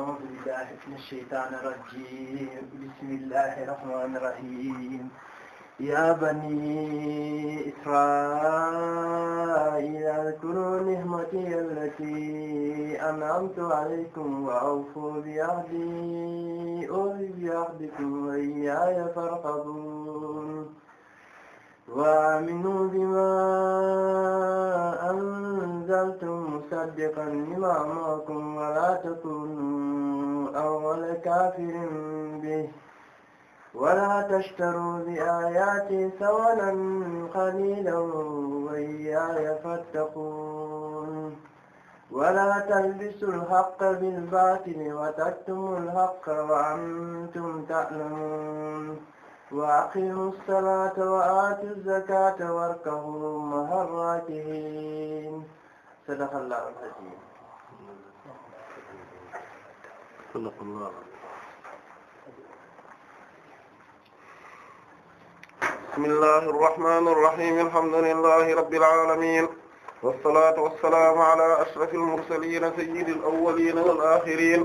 أعوذ بالله من الشيطان الرجيم بسم الله الرحمن الرحيم يا بني إسرائيل اذكروا نعمتي التي أنعمت عليكم وأوفوا بعهدي أوف بعهدكم وإياي فارهبون وآمنوا بما أنزلتم مصدقا لما معكم ولا تكونوا أول كافر به ولا تشتروا بآياتي ثمنا قليلا وإياي فاتقون ولا تلبسوا الحق بالباطل وتكتموا الحق وأنتم تعلمون wa aqimu salaata wa aatu zakaata warkahu ma'a raaki'iin sadaqallaahu al-aziim bismillaahi rahmaani rahiim alhamdulillaahi rabbil aalamiin wassalaatu wassalaamu alaa ashrafil mursaliin sayyidil awwaliin wal aaxiriin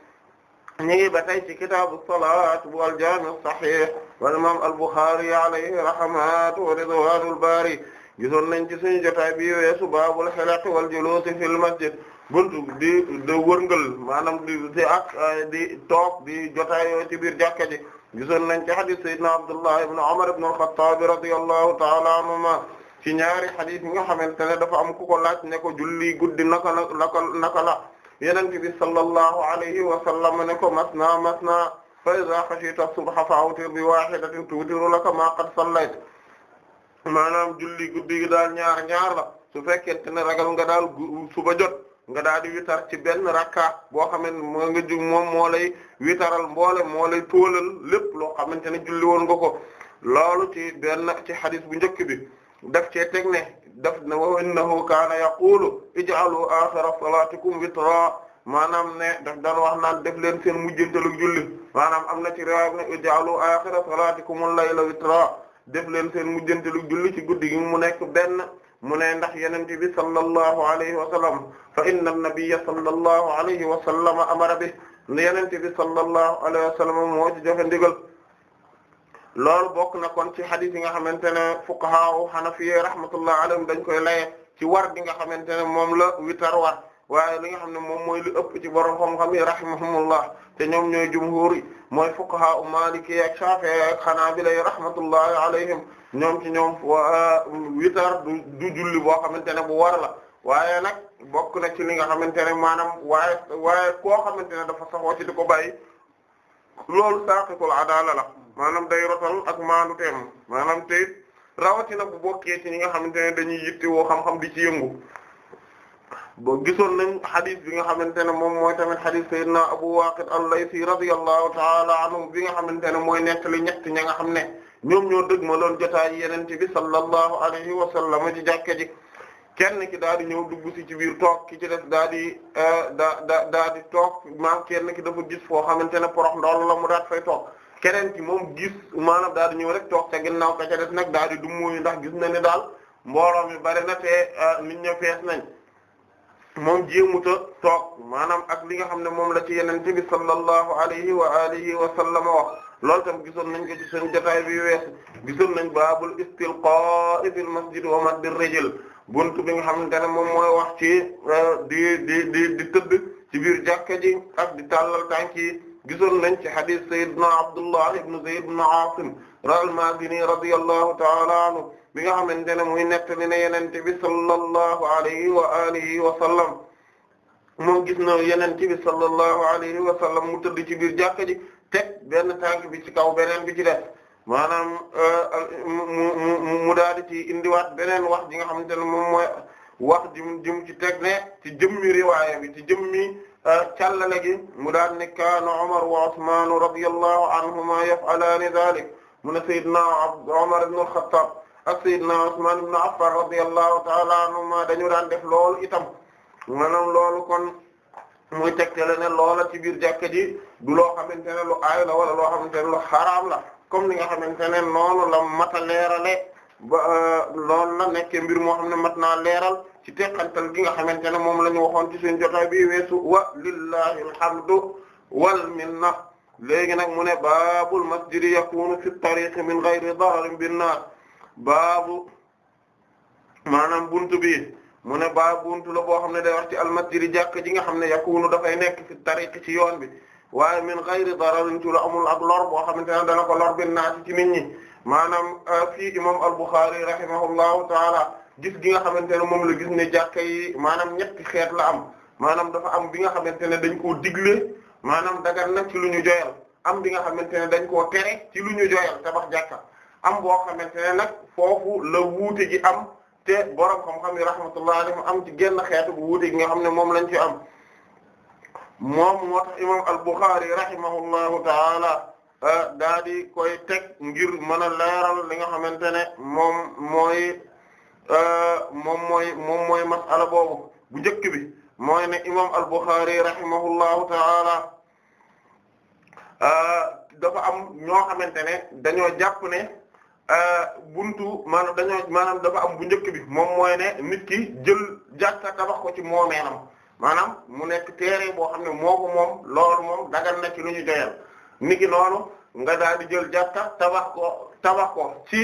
ñu ngi ba tey ci kitaabu salaat bu al-jaami' as-sahiih wal al-Buxaari alayhi rahmatu wa baari gisoon nañ ci suñu jotaay bi weesu baabul hilaq wal juluus fil masjid buntu di di wërngal maanaam di di ak di toog di ci biir jàkka ji gisoon nañ ci hadith sayyidina Abdullah ibn Umar ibn al-Khattab radiyallahu ta'ala anhuma ci ñaari hadith yi nga xamante ne dafa am ku ko laaj nekko ko julli guddi naka la naka la. yeneen yenente bi sallallahu alayhi wa sallam ne ko masna masna fa iza khashita subha fa awtir bi wahidatin tuutiru laka ma qad sallayta maanaam julli guddi gi daal ñaar ñaar la su fekkente ne ragal nga daal suba jot nga daal di witar ci benn rakka boo xamante ne nga jug moom moo lay witaral mboole moo lay tóolal lépp loo xamante ne julli woon nga ko loolu ci benn ci hadis bu njëkk bi daf cee teg daf na wa innahu kaana yaqulu ij'alu akhira salatikum witra maanaam ne daf daan wax naan def leen seen mujjëntalug julli maanaam am na ci riwaaya ne ij'alu akhira salatikum al-layla witra def leen seen mujjëntalug julli ci guddi gi mu nekk benn mu ne ndax yonent bi sallallahu alayhi wa sallam fa inna an-nabiyya sallallahu alayhi wa sallam amara bi yonent bi sallallahu alayhi wa sallam moo ci joxe ndigal loolu bokk na kon ci hadith yi nga xamante ne fuqahaa hanafi rahmatullah alayhim dañ koy laye ci war gi nga xamante ne moom la witar war waaye li nga xam ne moom mooy li ëpp ci borom xam-xam yi rahimahumullah te ñoom ñooy jumhuur yi mooy fuqahaa u maliki ak shafi'i ak hanaabila rahmatullahi alayhim ñoom ci ñoom uh, witar du du julli boo xamante ne bu war la waaye nag bokk na ci li nga xamante ne maanaam waaye waaye koo xamante ne dafa saxoo ci di ko bàyyi loolu saaqitul adaala la maanaam day rotal ak maanu teem maanaam te rawatina bu bokkee ci ñi nga xamante ne dañuy yitte woo xam-xam di ci yëngu ba gisoon nañ xadis bi nga xamante ne moom mooy tamit xadis sayyidina Abu Waaqid al-Laythi radiyallahu ta'ala anhu bi nga xamante ne mooy nettali ñett ña nga xam ne ñoom ñoo dëgg ma loon jotaay yeneen bi sallallahu alayhi wa sallam ci jàkka ji kenn ki daal di ñëw dugg si ci biir toog ki ci def daal di euh, da da daal di toog maanaam kenn ki dafa gis foo xamante ne porox ndool la mu daat fay toog keneen ki moom gis maanaam daal di ñëw rek toog ca ginnaaw ka ca def nag daal di dummuyu ndax gis na ne daal mbooloo mi bari na te euh, nit ña fees nañ moom jéemuta toog maanaam ak li nga xam ne moom la ci yenente bi sallallahu alayhi wa alihi wa sallam wax loolu tam gisoon nañ ko ci seen jotaay bi wees gisoon nañ baabul istilqaa'i fil masjid wa maddir rijl bunt bi nga xam ne moom mooy wax ci euh, di di di di tëdd ci biir jàkka ji ak di tàllal tànk yi gisoon nañ ci hadith sayyidina Abdullah ibn Zayd ibn Asim al-Madini radiyallahu ta'ala anhu bi nga xamante ne muy nettali ne yenente bi sallallahu alayhi wa alihi wa sallam gis na yenente bi sallallahu alayhi wa sallam mu tëdd ci biir jàkka ji teg benn tànk bi ci kaw beneen bi ci def maanaam euh, mu mu mu daal di ci indiwaat beneen wax ji nga xamante ne moom mooy wax ji mu jëm ci teg ne ci jëmmi riwaaya bi ci jëmmi euh, càllale gi mu daal ne kaana Umar wa Usmaan radiyallahu anhuma yaf'alaani dhalik mu ne Seydina Umar ibn al-Khattab ak Seydina Usmaan ibn Affan radiyallahu ta'ala anhuma dañu daan def lool itam maanaam loolu kon muy tegtale ne loola ci biir jàkka ji du loo xamante ne lu aay la wala loo xamante ne lu xaraam la comme ni nga xamante ne noonu la mat a leerale ba euh, loolu la nekk mbir moo xam ne mat naa leeral ci teqantal gi nga xamante ne moom la waxoon ci suñu jotaay bi weesu wa lillahi alhamdu wal minna léegi nag mu ne baabul masjidi yakunu fi tariq min ghayri dararin bin naar baabu maanaam buntu bi mu ne baabu buntu la boo xam ne day wax ci almasjidi jàkk ji nga xam ne yakunu dafay nekk fi tariq ci yoon bi waaye min ghayri dararin ci lu amul ak lor boo xamante ne dana ko lor bin naati ci nit ñi maanaam euh, fii imam al-Bukhari rahimahullahu taala gis gi nga xamante ne moom la gis ne jàkka yi maanaam ñetti xeet la am maanaam dafa am bi nga xamante ne dañ koo digle maanaam dagan na ci lu ñu joyal am bi nga xamante ne dañ koo tere ci lu ñu joyal tabax jàkka am boo xamante ne nag foofu la wuute gi am te borom xam-xam yi rahmatullahi alayhim am ci genn xeetu bu wuute gi nga xam ne moom lañ ci am moom moo tax imam al-Bukhari rahimahullahu taala ah, daa di koy teg ngir mën a leeral li nga xamante ne moom mooy ah, moom mooy moom mooy mas'ala boobu bu njëkk bi mooy ne imam al-Bukhari rahimahullahu taala ah, dafa am ñoo xamante ne dañoo jàpp ne buntu maanaam dañoo maanaam dafa am bu njëkk bi moom mooy ne nit ki jël jàkka tabax ko ci moomeelam maanaam mu nekk téere boo xam ne moo ko moom loolu moom dagal na ci lu ñu joyal niki noonu nga daal di jël jàkka tabax ko tabax ko ci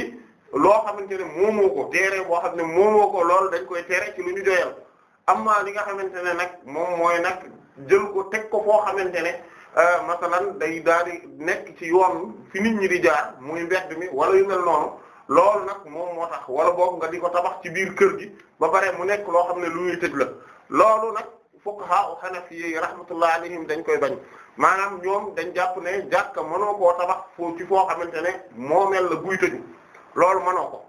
loo xamante ne moomoo ko téere boo xam ne moomoo ko lool dañ koy téere ci lu ñu joyal amma li nga xamante ne nag moom mooy nag jël ko teg ko foo xamante ne euh, masalan day daal nekk ci yoon fi nit ñi di jaar muy mbedd mi wala yu mel noonu loolu nag moom moo tax wala boog nga di ko tabax ci biir kër gi ba pare mu nekk loo xam ne lu ñuy tëj la loolu nag fuqaha u hanafiyyi rahmatullah alayhim dañ koy bañ maanaam ñoom dañ jàpp ne jàkka mënoo koo tabax foo ci foo xamante ne moomeel la buy tëju loolu mënoo ko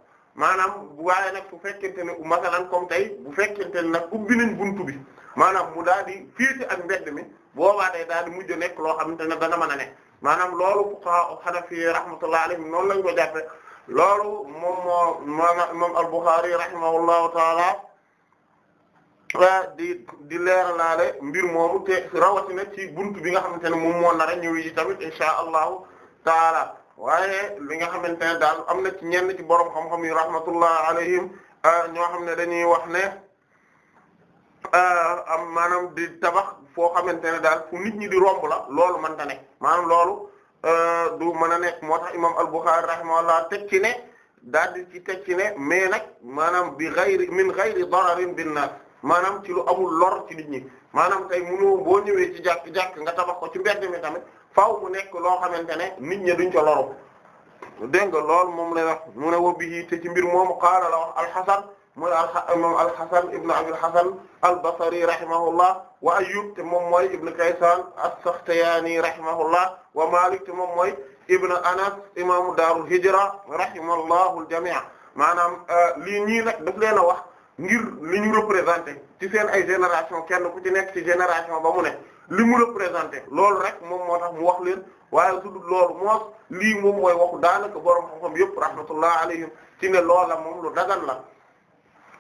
maanaam waaye nag bu fekkente ne masalan comme tey bu fekkente ne nag ubbi nañ buntu bi maanaam mu daal di féete ak mbedd mi boo waatee daal di mujj nekk loo xamante ne dana mën a ne maanaam loolu fuqaha hanafi rahmatullah alayhim noonu lañ ko jàppe loolu moom moo moom al-Bukhari rahimahullahu taala di di leeralaale mbir moomu te rawatina ci buntu bi nga xamante ne moom moo nar a ñëw yi tamit insha allahu taala waaye li nga xamante ne daal am na ci ñenn ci borom xam-xam yi rahmatullah alayhim ah, ñoo xam ne dañuy wax ne ah, am maanaam di tabax foo xamante ne daal fu nit ñi di romb la loolu mënta ne maanaam loolu ah, du mën a nekk moo tax imam al-Bukhari rahimahullah teg ci ne daal di ci teccine ci ne nag maanaam bi ghayri min ghayri dararin bin nas maanaam ci lu amul lor ci nit ñi maanaam tey mënu boo ñëwee ci jàkk jàkk nga tabax ko ci mbedd mi tamit faaw mu nekk loo xamante ne nit ñi duñ ca loru dégg nga loolu moom wax mu ne wa bihi te ci mbir moomu qaala la wax alxasan mooy imam alxasan ibn abil hasan albasri rahimahullah wa ayyub te moom mooy ibn kaysan as-sakhtiyani rahimahullah wa malik te moom mooy ibn anas imaamu daarul hijra rahimahullahu al-jami' maanaam euh, lii ñii nag daf leen a wax ngir li ñu représenté ci seen ay génération kenn ku ci nekk ci génération ba mu ne li mu représenté loolu rek moom moo tax mu wax leen waaye su dul moos lii moom mooy waxu daanaka borom xam-xam yëpp rahmatullah alayhim ci ne loola moom lu dagan la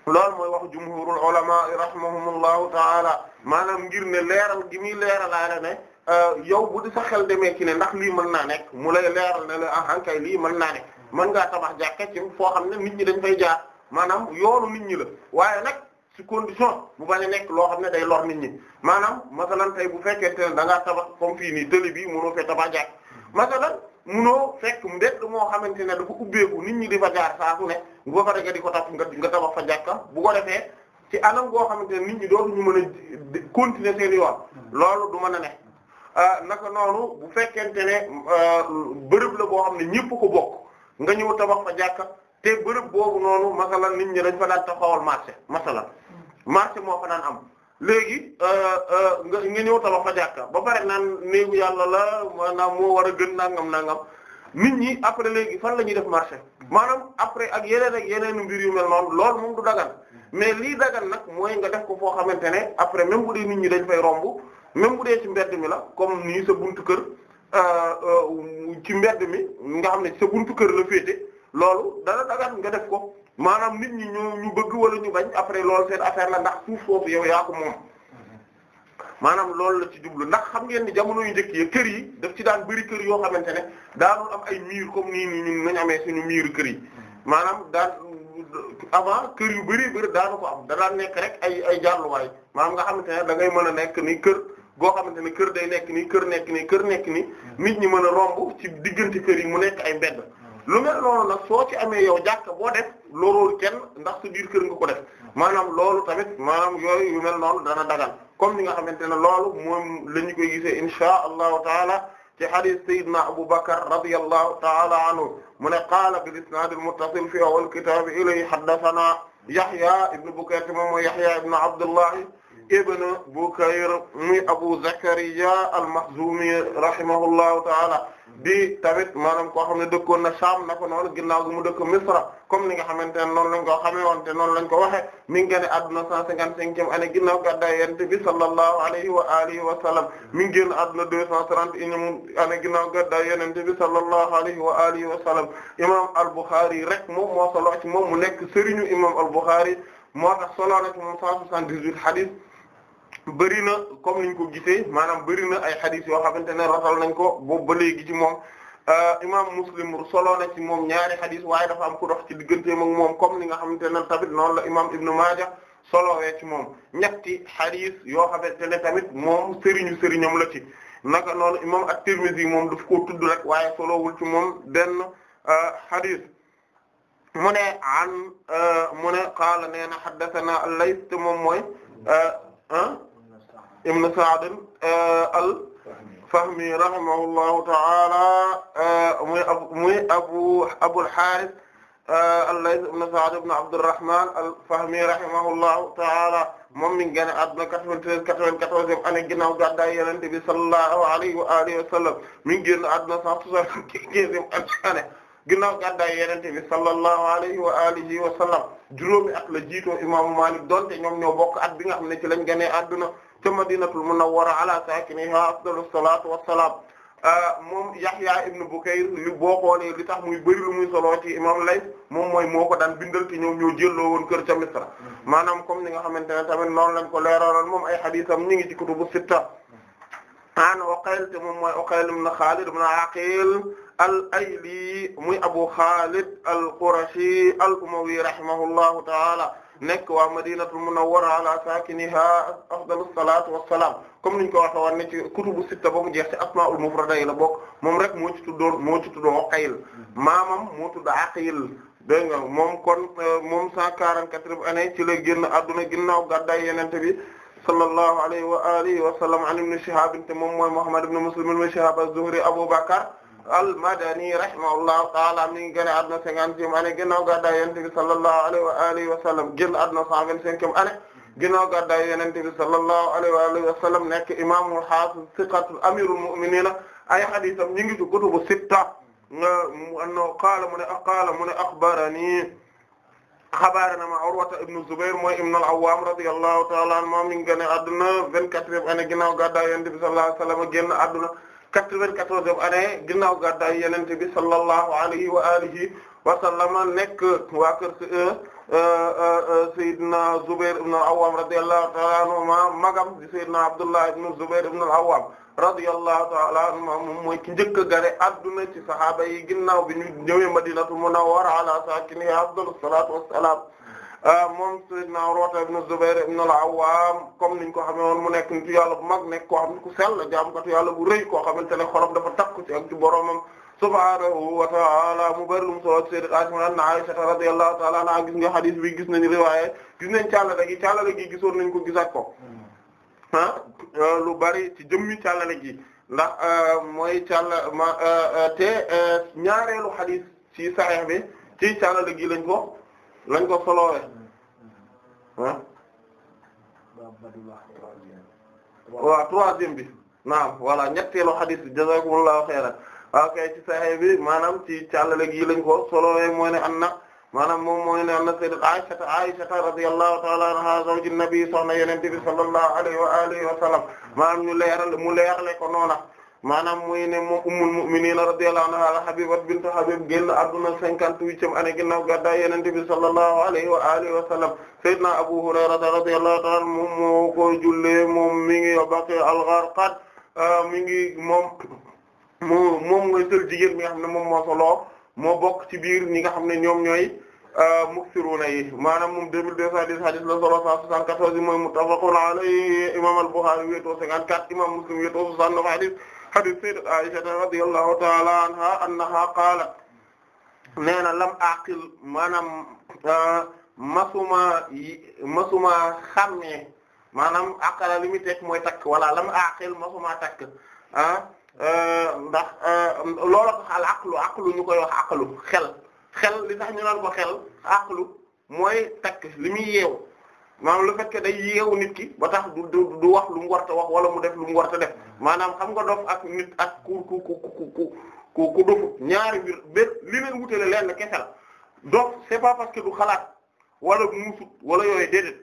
loolu mooy wax jumhurul ulama rahimahumullahu taala maanaam ngir ne leeral gi muy leeralaale ne euh, yow bu di sa xel demee ci ne ndax lii mën naa nekk mu lay leeral ne la ahankay lii mën naa nekk mën ngaa tabax jàkka ci foo xam ne ñi dañ fay jaar maanaam yoonu nit ñi la waaye nag ci condition bu bañ nekk loo xam ne day lor nit ñi maanaam masalan tey bu fekkente ne da ngaa tabax comme fii nii tëli bi mënoo fee tabax jaay masalan mënoo fekk mbedd moo xamante ne dafa ubbeeku nit ñi di fa jaar saa su ne bu ba pare di ko tax nga nga tabax fa jàkka bu ko defee ci anam goo xamante ne nit ñi dootuñu mën a continuer seen yoon loolu du man a ne. Euh, naka noonu bu fekkente ne euh, bërëb la goo xam ne ñëpp ko bokk nga ñëw tabax fa jàkka te bërëb boobu noonu masalan nit ñi dañ fa daan taxawal marché masalan mm. marché moo fa daan am léegi euh, euh, nga nga ñëw tabax fa jàkka ba pare naan néegu yàlla la maanaam moo war a gën nangam nangam nit ñi après léegi fan la ñuy def marché mm. maanaam après ak yeneen ak yeneen mbir yu mel noonu loolu moom du dagan mm. mais lii dagan nag mooy nga def ko foo xamante ne après même bu dee nit ñi dañ fay romb même bu dee ci mbedd mi la comme nii sa buntu kër euh, ci mbedd mi nga xam ne sa buntu kër la féete loolu dana dagan nga def ko maanaam nit ñi ñu ñu bëgg wala ñu bañ après loolu seen affaire la ndax suuf soosu yow yaa ko moom maanaam loolu la ci jublu ndax xam ngeen ni jamono yu njëkk yi kër yi daf ci daan bëri kër yoo xamante ne daanul am ay miir comme nii nii nañ amee suñu miiru kër yi maanaam daan avant kër yu bëri bëri daanu ko am danaan nekk rek ay ay jàlluwaay maanaam nga xamante ne da ngay mën a nekk nii kër goo xamante ne kër day nekk nii kër nekk nii kër nekk nii hmm. nit ñi mën a romb ci diggante kër yi mu nekk ay mbedd lu loolu noonu nag soo ci amee yow jàkka boo def lorool kenn ndax su biir kër nga ko def maanaam loolu tamit maanaam yooyu yu mel noonu dana dagal ni nga xamante ne loolu moom la ñu koy gisee inshaa allahu taala ci hadith sayyidina Abu Bakr radiyallahu taala anhu mu ne qaala bil isnaad al muttasil fi awwal kitaab ilayhi haddathana Yahya ibn Bukayr moom mooy Yahya ibn Abdullah ibn Bukayr muy Abu Zakariya al-Makhzumi rahimahullahu ta'ala di tamit maanaam koo xam ne dëkkoon na Sham na ko noonu ginnaaw gi mu dëkk Misra comme ni nga xamante ne noonu lañ ko xamee woon te noonu lañ ko waxee mi ngi génn àdduna 155e année ginnaaw gàddaay Yonent sallallahu alayhi wa alihi wa sallam mi ngi génn àdduna 231e année ginnaaw gàddaay Yonent bi sallallahu alayhi wa alihi wa sallam imaam al-Bukhari rek moom moo solo ci moom mu nekk sëriñu imaam al-Bukhari moo tax solo na ci moom 178 hadith bëri na comme niñ ko gisee maanaam bëri na ay xadis yoo xamante ne rasal nañ ko boobu ba léegi ci moom euh, imam muslim solo na ci moom ñaari xadis waaye dafa am ku dox ci digganteem ak moom comme ni nga xamante ne tamit noonu la imam ibnu maaja solowee ci moom ñetti xadis yoo xamante ne tamit moom sëriñu sëriñam la ci naka noonu imam at-Tirmidhi moom daf koo tudd rek waaye solowul ci moom benn euh, xadis mu ne an euh, mu ne qaala nee na haddathana te moom mooy ah ibn Sa'd euh, al-Fahmi rahimahullahu ta'ala euh, muy ab muy abu Abul Harith euh, al-Layth ibn Sa'd ibn Abdurrahman al-Fahmi rahimahullahu ta'ala moom mi ngi génn àdduna 93 94 ginnaaw gàddaay Yonent bi sallallahu alayhi wa alihi wa sallam mi ginnaaw gàddaay Yonent bi sallallahu alayhi wa alihi wa sallam juróomi at la jiitoo imaamu Maalik donte ñoom ñoo bokk at bi nga xam ne ci lañ génnee àdduna. ca madinatul munawwara ala saakiniha afdalu salaatu wassalaam ah, moom Yahya ibn Bukayr li boo xoolee li tax muy bëri lu muy solo ci imam lay moom mooy moo ko daan bindal ci ñoom ñoo jëlloo woon kër ca Misra maanaam comme ni nga xamante ne tamit noonu lañ ko leeraloon moom ay xadiisam ñu ngi ci kutubu sitta an Uqayl te moom mooy Uqayl ibn Xaalid ibn Aqiil al-Ayli muy Abu Xaalid al-Qurashi al-Umawi rahimahullahu ta'ala nekk waa madinatul munawwara ala saakiniha afdalus salaatu wassalaam comme niñ ko waxe woon ne ci kutubu sitta ba mu jeex ci asmaul mufrada yi la bokk moom rek moo tu tuddoon moo ci tuddoon Uqayl maamam moo tudd Aqil dégg nga moom kon euh, moom cent quarante-quatre année ci la génn adduna ginnaaw gàddaay yenente bi sallallahu alayhi wa alihi wa sallam an ibn Shihab te moom mooy Muhammad ibn Muslim ibn Shihab az-Zuhri Abu Bakr al-Madani rahimahullahu ta'ala mi ngi génn àdduna cinquantième année ginnaaw gàddaay Yonent bi sallallahu alayhi wa alihi wa sallam génn àdduna cent vingt-cinquième année ginnaaw gàddaay Yonent bi sallallahu alayhi wa alihi wa sallam nekk imaamul haafiz siqatul amiirul mu'miniin ay hadiisam ñu ngi ci kutubu sitta annahu qaala mu ne qaala mu ne axbarani xabaarana ma Urwata ibnu Zubayr mooy ibnu al-Awwaam radiyallahu ta'ala anhu moom mi ngi génn àdduna vingt-quatrième année ginnaaw gàddaay Yonent bi sallallahu alayhi wa sallam génn àdduna quatre-vingt-quatorzième année ginnaaw gàddaay Yonent bi sallallahu alayhi wa alihi wa sallama nekk waa kër euh, euh, euh, Seydina Zubair ibn al-Awwam radiyallahu ta'ala anhuma magam di Seydina Abdullah ibn Zubair ibn al-Awwam radiyallahu ta'ala anhuma moom mooy ki njëkk a gare adduna ci sahaaba yi ginnaaw bi ñu ñëwee Madinatu Munawwara ala saakinihaa afdalu salaatu wassalaam Euh, moom sayyidna Urwata ibn Zubayr ibn al-Awwam comme niñ ko xamee woon mu nekk nitu yàlla bu mag nekk ko xam ne ku sell jaamkatu yàlla bu rëy koo xamante ne xolam dafa takku ci ak ci boromam subhaanahu wa ta'ala mu bari lu mu solo sayyidat Aisha radiyallahu ta'ala anha gis nga hadith bi gis nañu riwaaya gis nañ càllale gi càllale gi gisoon nañ ko gisaat ko hmm. ah, euh, lu bari ci jëmmi càllale gi ndax euh, mooy càlla ma te ñaareelu hadith ci Sahih bi ci càllale gi lañ ko lañ ko soloowe ah hmm. waaw troisième bi naam voilà ñetteelu xadis bi jazakumullahu xayran waaw kay ci saxe bi maanaam ci càllale gi lañ ko soloowe mooy ne an na maanaam moom mooy ne anna sayyidat Aisha Aisha radiyallahu ta'ala anha zawjin nabi soxna yonent bi sallallahu alayhi wa alihi wa sallam maanaam ñu leeral mu leerale ko noona maanaam mooy ne moom ummul mu'minin radiyallahu anha Habiba bint Habib génn adduna cinquante-huitième année ginnaaw gàddaay Yonent bi sallallahu alayhi wa alihi wa sallam Seydina Abu Hurayra radiyallahu ta'ala moom moo ko jullee moom mi ngi Baqi al-Gharqad ah, mi ngi moom moo moom mooy seul jigéen mi nga xam ne moom moo moo bokk ci biir ñi nga xam ne ñoom ñooy ah, muksiruna yi maanaam moom deux mille deux cent dix hadith la solo muttafaqun alayhi imam al-Bukhari wéetoo cinquante-quatre imam Muslim wéetoo soixante-neuf hadith hadith sayyidat Aisha radiyallahu ta'ala anha annaha qaalat nee na lam aqil maanaam ah, masuma masuma xàmmee maanaam aqala li muy teg mooy takk wala lam aqil masuma takk ah, ah ndax ah, loolu tax al aqlu aqlu ñu koy wax aqlu xel xel li tax ñu naan ko xel aqlu mooy takk li muy yeew maanaam lu fait que day yeewu nit ki ba tax du du du wax lu mu war ta wax wala mu def lu mu war ta def maanaam xam nga dof ak nit ak ku ku ku ku ku ku dofu ñaari mbir ba li leen wutale lenn kese la dof c'est pas parce que du xalaat wala muusut wala yooyu déedéet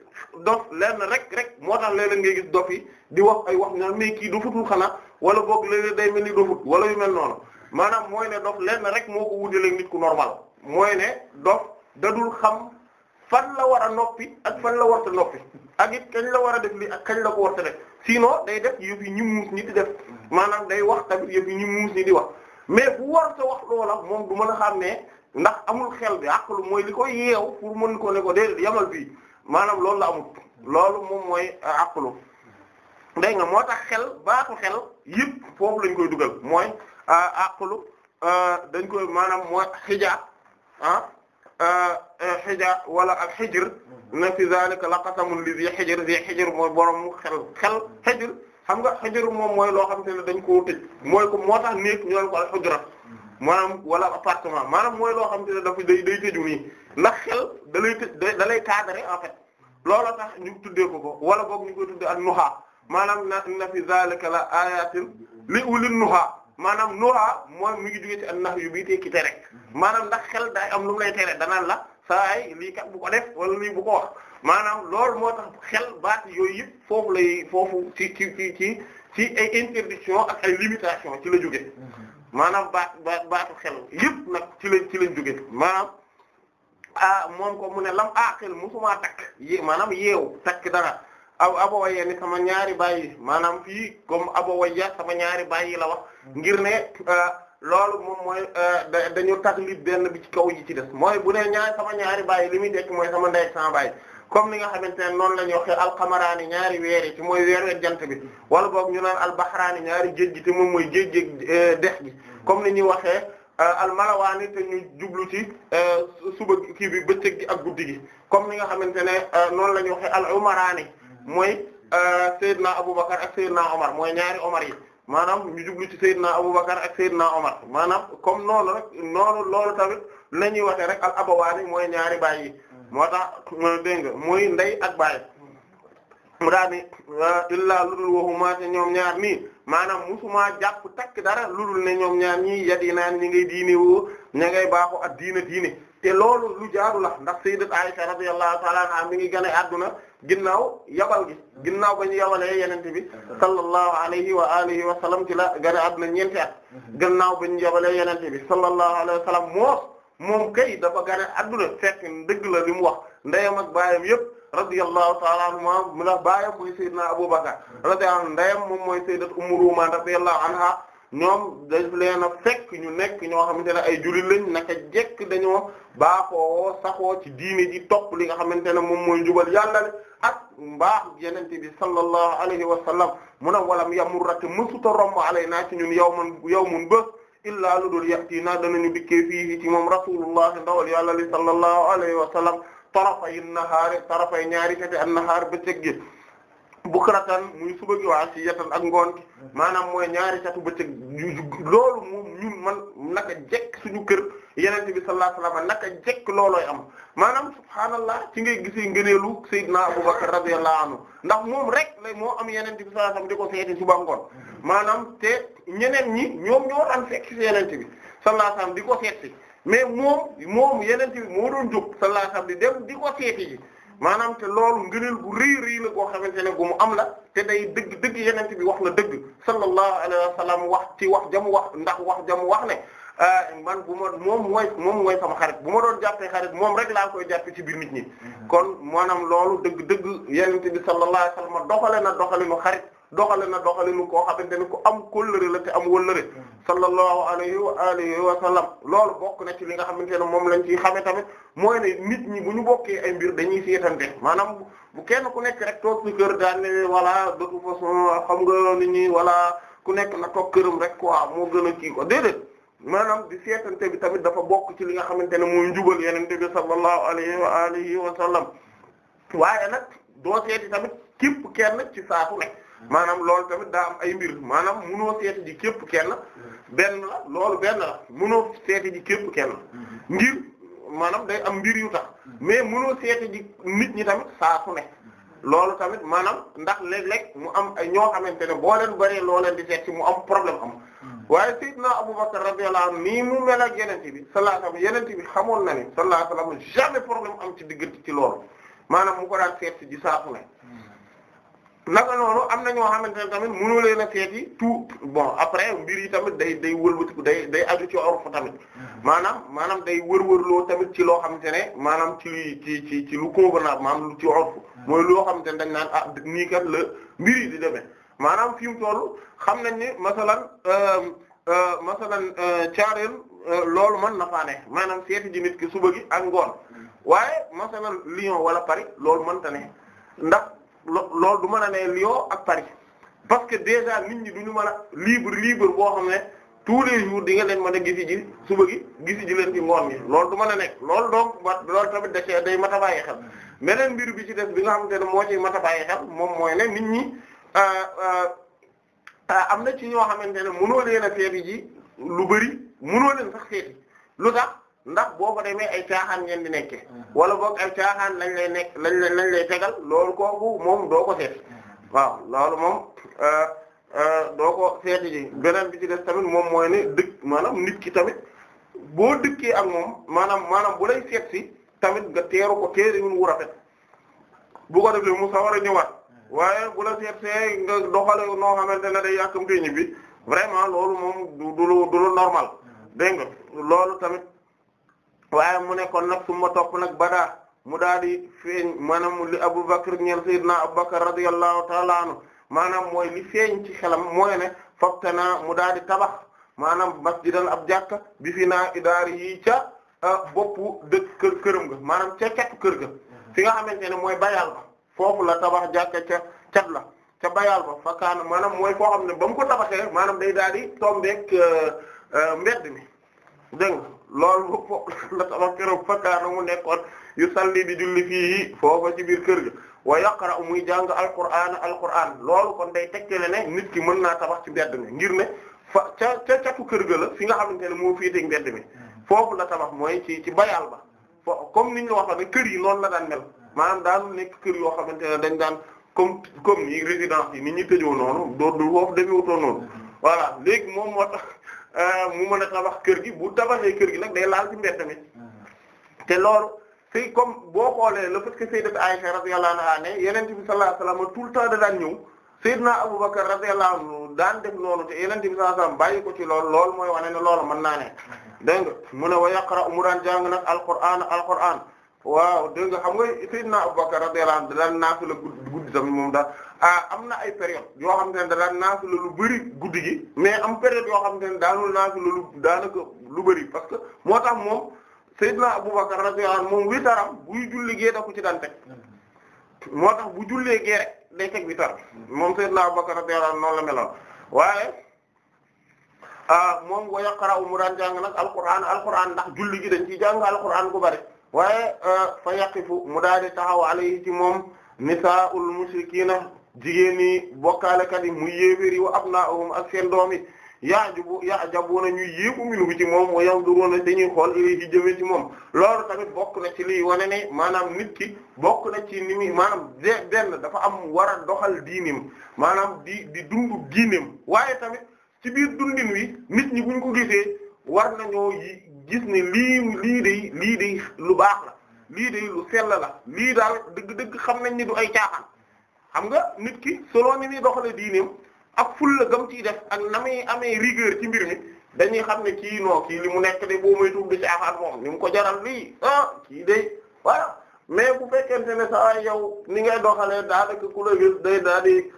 dof lenn rek rek moo tax léeg-léeg ngay gis dof di wax ay wax nga mais kii dofutul xanaa wala boog léeg day mel ni dofut wala yu mel noonu maanaam mooy ne dof na rek moo ko wutale nit ku normal mooy ne dof fan la war a noppi ak fan la warta noppi ak it kañ la war a def li ak kañ la ko warta def sinon day def yëf yi ñu muus ni di def maanaam day wax tamit yëf yi ñu muus ni di wax mais bu warta wax loola moom du mën a xam ne ndax amul xel bi àqlu mooy li koy yeew pour mën ko ne ko déedéet yamal bii maanaam loolu la amul loolu moom mooy àqlu euh, dégg nga moo tax xel baatu xel yëpp foofu lañ koy dugal mooy àqlu euh, euh, dañ koy maanaam mooy xija ah xija wala ak xijir na fi zalika la qasamun li zi xijir zi xijir mooy borom xel xel xijir xam nga xijir moom mooy loo xam te ne dañ koo tëj mooy ko moo tax néeg ñu ko al xujra mm. maanaam wala appartement maanaam mooy loo xam te ne dafa day day tëju nii ndax xel da lay dalay da lay cadré en fait loola tax ñu tuddee ko ko wala boog ñu koy tuddee ak nuxaa maanaam na na fi zalika la ayatin li ulil nuxaa maanaam nuha mooy mi ngi jóge ci an-nahyu bii tekki tere maanaam ndax xel day am lu lay tere danaan la saa yi lii kat bu ko def wala lii bu ko wax maanaam loolu moo tax xel baat yooyu yëpp foofu lay foofu ci ci ci ci ci ay interdiction ak ay limitation ci la jóge maanaam baat ba baatu xel yëpp nag ci lañ ci lañ jóge maanaam ah moom ko mu ne lam aqil musuma takk y maanaam yeew takk dara aw abawayya ni sama ñaari baay yi maanaam fii comme abawayya sama ñaari baay yi la wax ngir ne euh, loolu moom mooy euh, dañu taklif benn bi ci kaw yi ci des mooy bu dee ñaari sama ñaari baay li muy dekk mooy sama ndey ak sama baay comme ni nga xamante ne noonu la ñuy waxee alqamaraani ñaari yi ci mooy weer wet jant bi wala boog ñu naan albahraani ñaari géej moom mooy géej géej euh, comme ni ñuy waxee almalawaani te ñu jublu ci suba kii bi bëccëg gi ak guddi gi comme ni nga xamante ne noonu la ñuy waxee al umaraani mooy euh, na Aboubacar ak Seydina Omar mooy ñaari Omar yi maanaam ñu jublu ci Seydina Aboubacar ak Seydina Omar maanaam comme noonu rek noonu loolu tamit la ñuy waxee rek al abawaani mooy ñaari baay yi moo tax euh, dégg nga mooy ndey ak baay mu daal ni euh, illaa ludul waxumaa te ñoom ñaar nii maanaam musuma jàpp takk dara lu ludul ne ñoom ñaar ñii yadi naan ñi ngay diine woo ña baaxu ak diina diine te loolu lu jaaru la ndax sayyidat Aisha radiyallahu ta'ala anha mi ngi gane adduna ginnaaw yabal gi ginnaaw ba ñu yabalee yenente bi sallallahu alayhi wa alihi wa sallam ci la gane àdduna ñeenti at ginnaaw ba ñu yabalee yenente bi sallallahu alayhi wa sallam moos moom kay dafa gane àdduna fekk dëgg la li mu wax ndeyam ak baayam yëpp radiyallahu ta'ala anhuma mu ndax baayam mooy sayyidina Abu Bakar radiyallahu anhu ndeyam moom mooy sayyidat Ummu Rumaan radiyallahu anha ñoom dañ leen a fekk ñu nekk ñoo xamante ne ay jullit lañ naka jekk dañoo baaxoo saxoo ci diine ji topp li nga xamante ne moom mooy jubal yàlla ak mbaax yenente bi sallallahu alayhi wa sallam mu ne walam yamurrate mësuta romb alay naa ci ñun yow man yow mun bés illaa lu dul yatiinaa danañu dikkee fii ci moom rasulullah ndawal yàlla li sallallahu alayhi wa sallam tarafay nahaari tarafay ñaari fete an nahaar bëccëg gi bukratan muy suba gi waa si yetan ak ngoon gi maanaam mooy ñaari catu bëccëg man naka jekk suñu kër yenente bi sallallahu alayhi wasallam naka jekk loolooy am maanaam subhaanallah ci ngay gisee ngëneelu Seydina Abubakar radiyallahu anhu ndax moom rek lay moo am yeneen bi sallallahu alayhi wasallam di ko seeti suba ngoon maanaam te ñeneen ñi ñoom ñoo daan fekk bi sallallahu alayhi wasallam di ko seeti mais moom moom yenente bi moo doon jóg sallallahu alayhi am di dem di ko seeti maanaam te loolu ngëneel gu rëy rëy la goo xamante ne gu mu am la te day dëgg dëgg yenente bi wax la dëgg sallallahu alayhi wa sallam wax ci wax jamu wax ndax wax jamu wax ne Ah, man bu ma moom mooy moom mooy sama xarit bu ma doon jàppee xarit moom rek laa koy jàppe ci biir nit ñi mm-hmm. kon maanaam loolu dëgg dëgg yonent bi sallallahu alayhi wasallam doxale na doxalinu xarit doxale na doxalinu koo xamante ni ku am kóllëre la te am wóllëre mm-hmm. sallallahu alayhi wa alihi wa sallam loolu bokk na ci li nga xamante ne moom lañ ci xame tamit mooy ne nit ñi bu ñu bokkee ay mbir dañuy seetante maanaam bu kenn ku nekk rek toog ci kër daan ne voilà de toute façon xam nga nit ñi voilà ku nekk na toog këram rek moo gën a kii ko déedéet maanaam di seetante bi tamit dafa bokk ci li nga xamante ne mooy njubal yenente bi sallallahu alayhi wa alihi wa sallam waaye nag doo seeti tamit képp kenn ci saatu ne maanaam loolu tamit daa am ay mbir maanaam munoo seeti ji képp kenn benn la loolu benn la munoo seeti ji képp kenn ngir maanaam day am mbir yu tax mais munoo seeti ji nit ñi tamit saatu ne loolu tamit maanaam ndax léeg-léeg mu am ay ñoo xamante ne boo leen bëree loo leen di seet ci mu am problème am waaye Seydina Aboubacar radiyallahu anhu nii mu mel ak yenente bi sallallahu alayhi wasallam yenente bi xamoon na ni sallallahu alayhi wasallam jamais problème am ci diggante ci loolu maanaam mu ko daan seet si ji saasu ne naka noonu am na ñoo xamante ne tamit mu leen a seet yi tout bon après mbir yi tamit day day wëlbatiku day day aju ci orfu tamit maanaam maanaam day wër-wërloo tamit ci loo xamante ne maanaam ci ci ci ci lu convenable maanaam lu ci orfu mooy loo xamante ne dañ naan ah nii kat la di demee maanaam fi mu xam nañ ni masalan euh, euh, masalan euh, caarin loolu man na faa maanaam seeti ji nit ki suba gi ak ngoon waaye masalan Lyon wala Paris loolu mënta ne ndax lool du man a ne Lyon ak Paris parce que déjà nit ñi du ñu mën a libre libre boo xam ne tout les jours di nga leen mën a gisi ji suba gi gisi ji leen ci ngoon gi loolu du mën a nekk lool donc loolu tamit da cee bàyyi xel beneen mbir bi ci def bi nga xam xamante ne moo ci mat a bàyyi xel moom mooy ne nit ñi. Euh, am na ci ñoo xamante ne mënoo leen a seeti ji lu bari mënoo leen sax seeti lu tax ndax boo ko demee ay caaxaan ngeen di nekkee mm-hmm. wala boog ay caaxaan lañ lay nekk lañ lay lañ lay tegal loolu kooku moom doo ko seeti mm-hmm. waaw loolu moom euh, euh, doo ko seeti ji beneen bi ci des tamit moom mooy ne dëkk maanaam nit ki tamit boo dëkkee ak moom maanaam maanaam bu lay seet si tamit nga teeru ko teeru wu rafet bu ko defee mu sawar a ñëwaat. waaye bu la seetsee nga doxale noo xamante ne day yàkkamtee ñibbi vraiment loolu moom du du lu du lu normal dégg loolu tamit waaye mu nekkoon kon nag su ma topp nag badaa mu daal di feeñ maanaam mu Abu Bakr ñeel Seydina Abu Bakr radiyallahu ta'ala anhu maanaam mooy li feeñ ci xelam mooy ne fabtanaa mu daal di tabax maanaam masjidan ab jàkka bi naa idaari yi ca euh, boppu dëkk kër këram ga maanaam ca catu kër ga fi nga xamante ne mooy bayaal foofu la tabax jàkka ca la ca bayal ba fa kaana maanaam mooy foo xam ne ba mu ko tabaxee maanaam day daal di tombeek euh, euh, mbedd mi dégg nga loolu foofu la tabax mu nekkoon yu salli di julli fii foofa kër ga wa yaqra muy jàng alquran alquran loolu kon day tegtale ne nit ki mën naa tabax ci mbedd mi ngir ne fa ca ca catu kër ga la fi nga xamante ne moo féete mbedd mi hmm. foofu la tabax mooy ci ci bayal ba kom niñ la waxoon ne kër yi noonu la daan mel maanaam daanu nekk kër yoo xamante ne dañ daan comme comme ni résidence yi nit ñi tëjoo noonu doo du foofu demeewutoo noonu voilà léegi moom moo tax euh, mu mën a tabax kër gi bu tabaxee kër gi nag day laal ci mbedd tamit te loolu c'est comme boo xoolee le fait que Sayyidat Aisha radiyallahu anha ne Yonent bi sallallahu alayhi wasallam tout le temps da daan ñëw Sayyidna Abu Bakr radiyallahu anhu daan def loolu te Yonent bi sallallahu alayhi wasallam bàyyi ko ci loolu loolu mooy wane ne loolu mën naa ne dégg nga mu ne wa mu daan jàng nag Al-Qur'an Al-Qur'an waaw dégg nga xam nga Seydina Abubakar radiyallahu anhu daan naafila guddi tamit moom daal a ah, am na ay période yoo xam te ne daan naafila lu bëri guddi gi mais am période yoo xam te ne daanul naafila lu daanaka lu bëri parce que moo tax moom Seydina Abubakar radiyallahu anhu moom witaram buy julli gee da ko ci daan teg moo tax bu jullee gee rek day teg witar moom Seydina Abubakar radiyallahu anhu noonu la meloon waaye ah moom wa yaqra'u mu daan jàng nag alquran alquran ndax julli gi dañ ciy jàng alquran ku bëri. waaye euh, fa yaqifu mu daal di taxaw alayhi ci moom nisaa'ul mushrikiina jigéen ñi bokkaalekat yi muy yéeféer yi wa abnaa'uhum ak seen doom yi ya'jabu ya'jabuuna ñuy yéegu minhu ci moom wa yanzuruuna dañuy xool ilayhi jëmee ci moom loolu tamit bokk na ci liy wane ne maanaam nit ki bokk na ci ni muy maanaam benn dafa am war a doxal diinim maanaam di di dundu diinim waaye tamit ci biir dundin wi nit ñi buñ ko gisee war nañoo yi gis ne lii lii day lii day lu baax la lii day lu sell la lii daal dëgg-dëgg xam nañ ni du ay caaxaan xam nga nit ki selon ni muy doxale diineem ak la gam ciy def ak na muy amee rigueur ci mbir mi dañuy xam ne kii noo kii li mu nekk de boo moytuwul du caaxaan moom ni mu ko jaral lii ah kii day voilà mais bu fekkente ne saa yow ni ngay doxalee daanaka ku la day daal di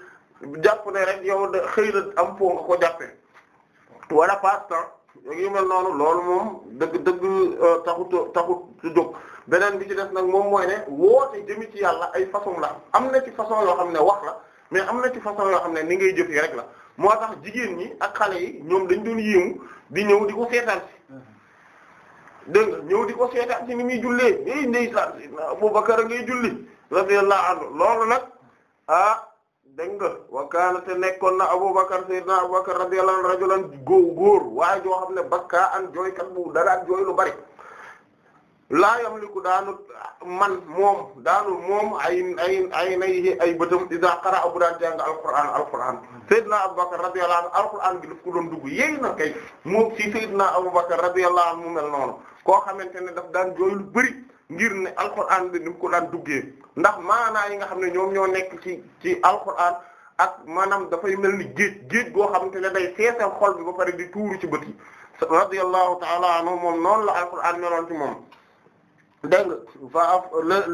jàpp ne rek yow da xëy na am foo ko jàppee wala passe yu mel noonu loolu moom dëgg dëgg euh, taxut taxut su jóg beneen bi ci des nag moom mooy ne woote jëmi ci yàlla ay façon la am na ci façon yoo xam ne wax la mais am na ci façon yoo xam ne ni ngay jëf yi rek la moo tax jigéen ñi ak xale yi ñoom dañ doon yéemu di ñëw di ko seetaan si dégg nga ñëw di ko seetaan si ni muy jullee éy ndey sa Abubakar a ngay julli radiyallahu anhu loolu nag ah, dégg nga wa kaana te nekkoon na Abubakar sayyidina Abubakar radiyallahu anhu rajulan góo góor waaye joo xam ne bakkaa an jooykat bu dalaat jooy lu bari laa yamliku daanu man moom daanu moom ay ay ay nay ay bëtam iza qara'a bu daan jàng alquran alquran sayyidina Abubakar radiyallahu anhu alquran bi daf ko doon dugg yéy na kay moom si sayyidina Abubakar radiyallahu anhu mu mel noonu koo xamante ne daf daan jooy lu bari ngir ne alquran bi ni mu ko daan duggee ndax maanaa yi nga xam ne ñoom ñoo nekk ci ci alquran ak maanaam dafay mel ni géej géej goo xamante ne day seesal xol bi ba pare di tuuru ci bët yi ta'ala anhu moom noonu la alquran meloon ci moom dégg nga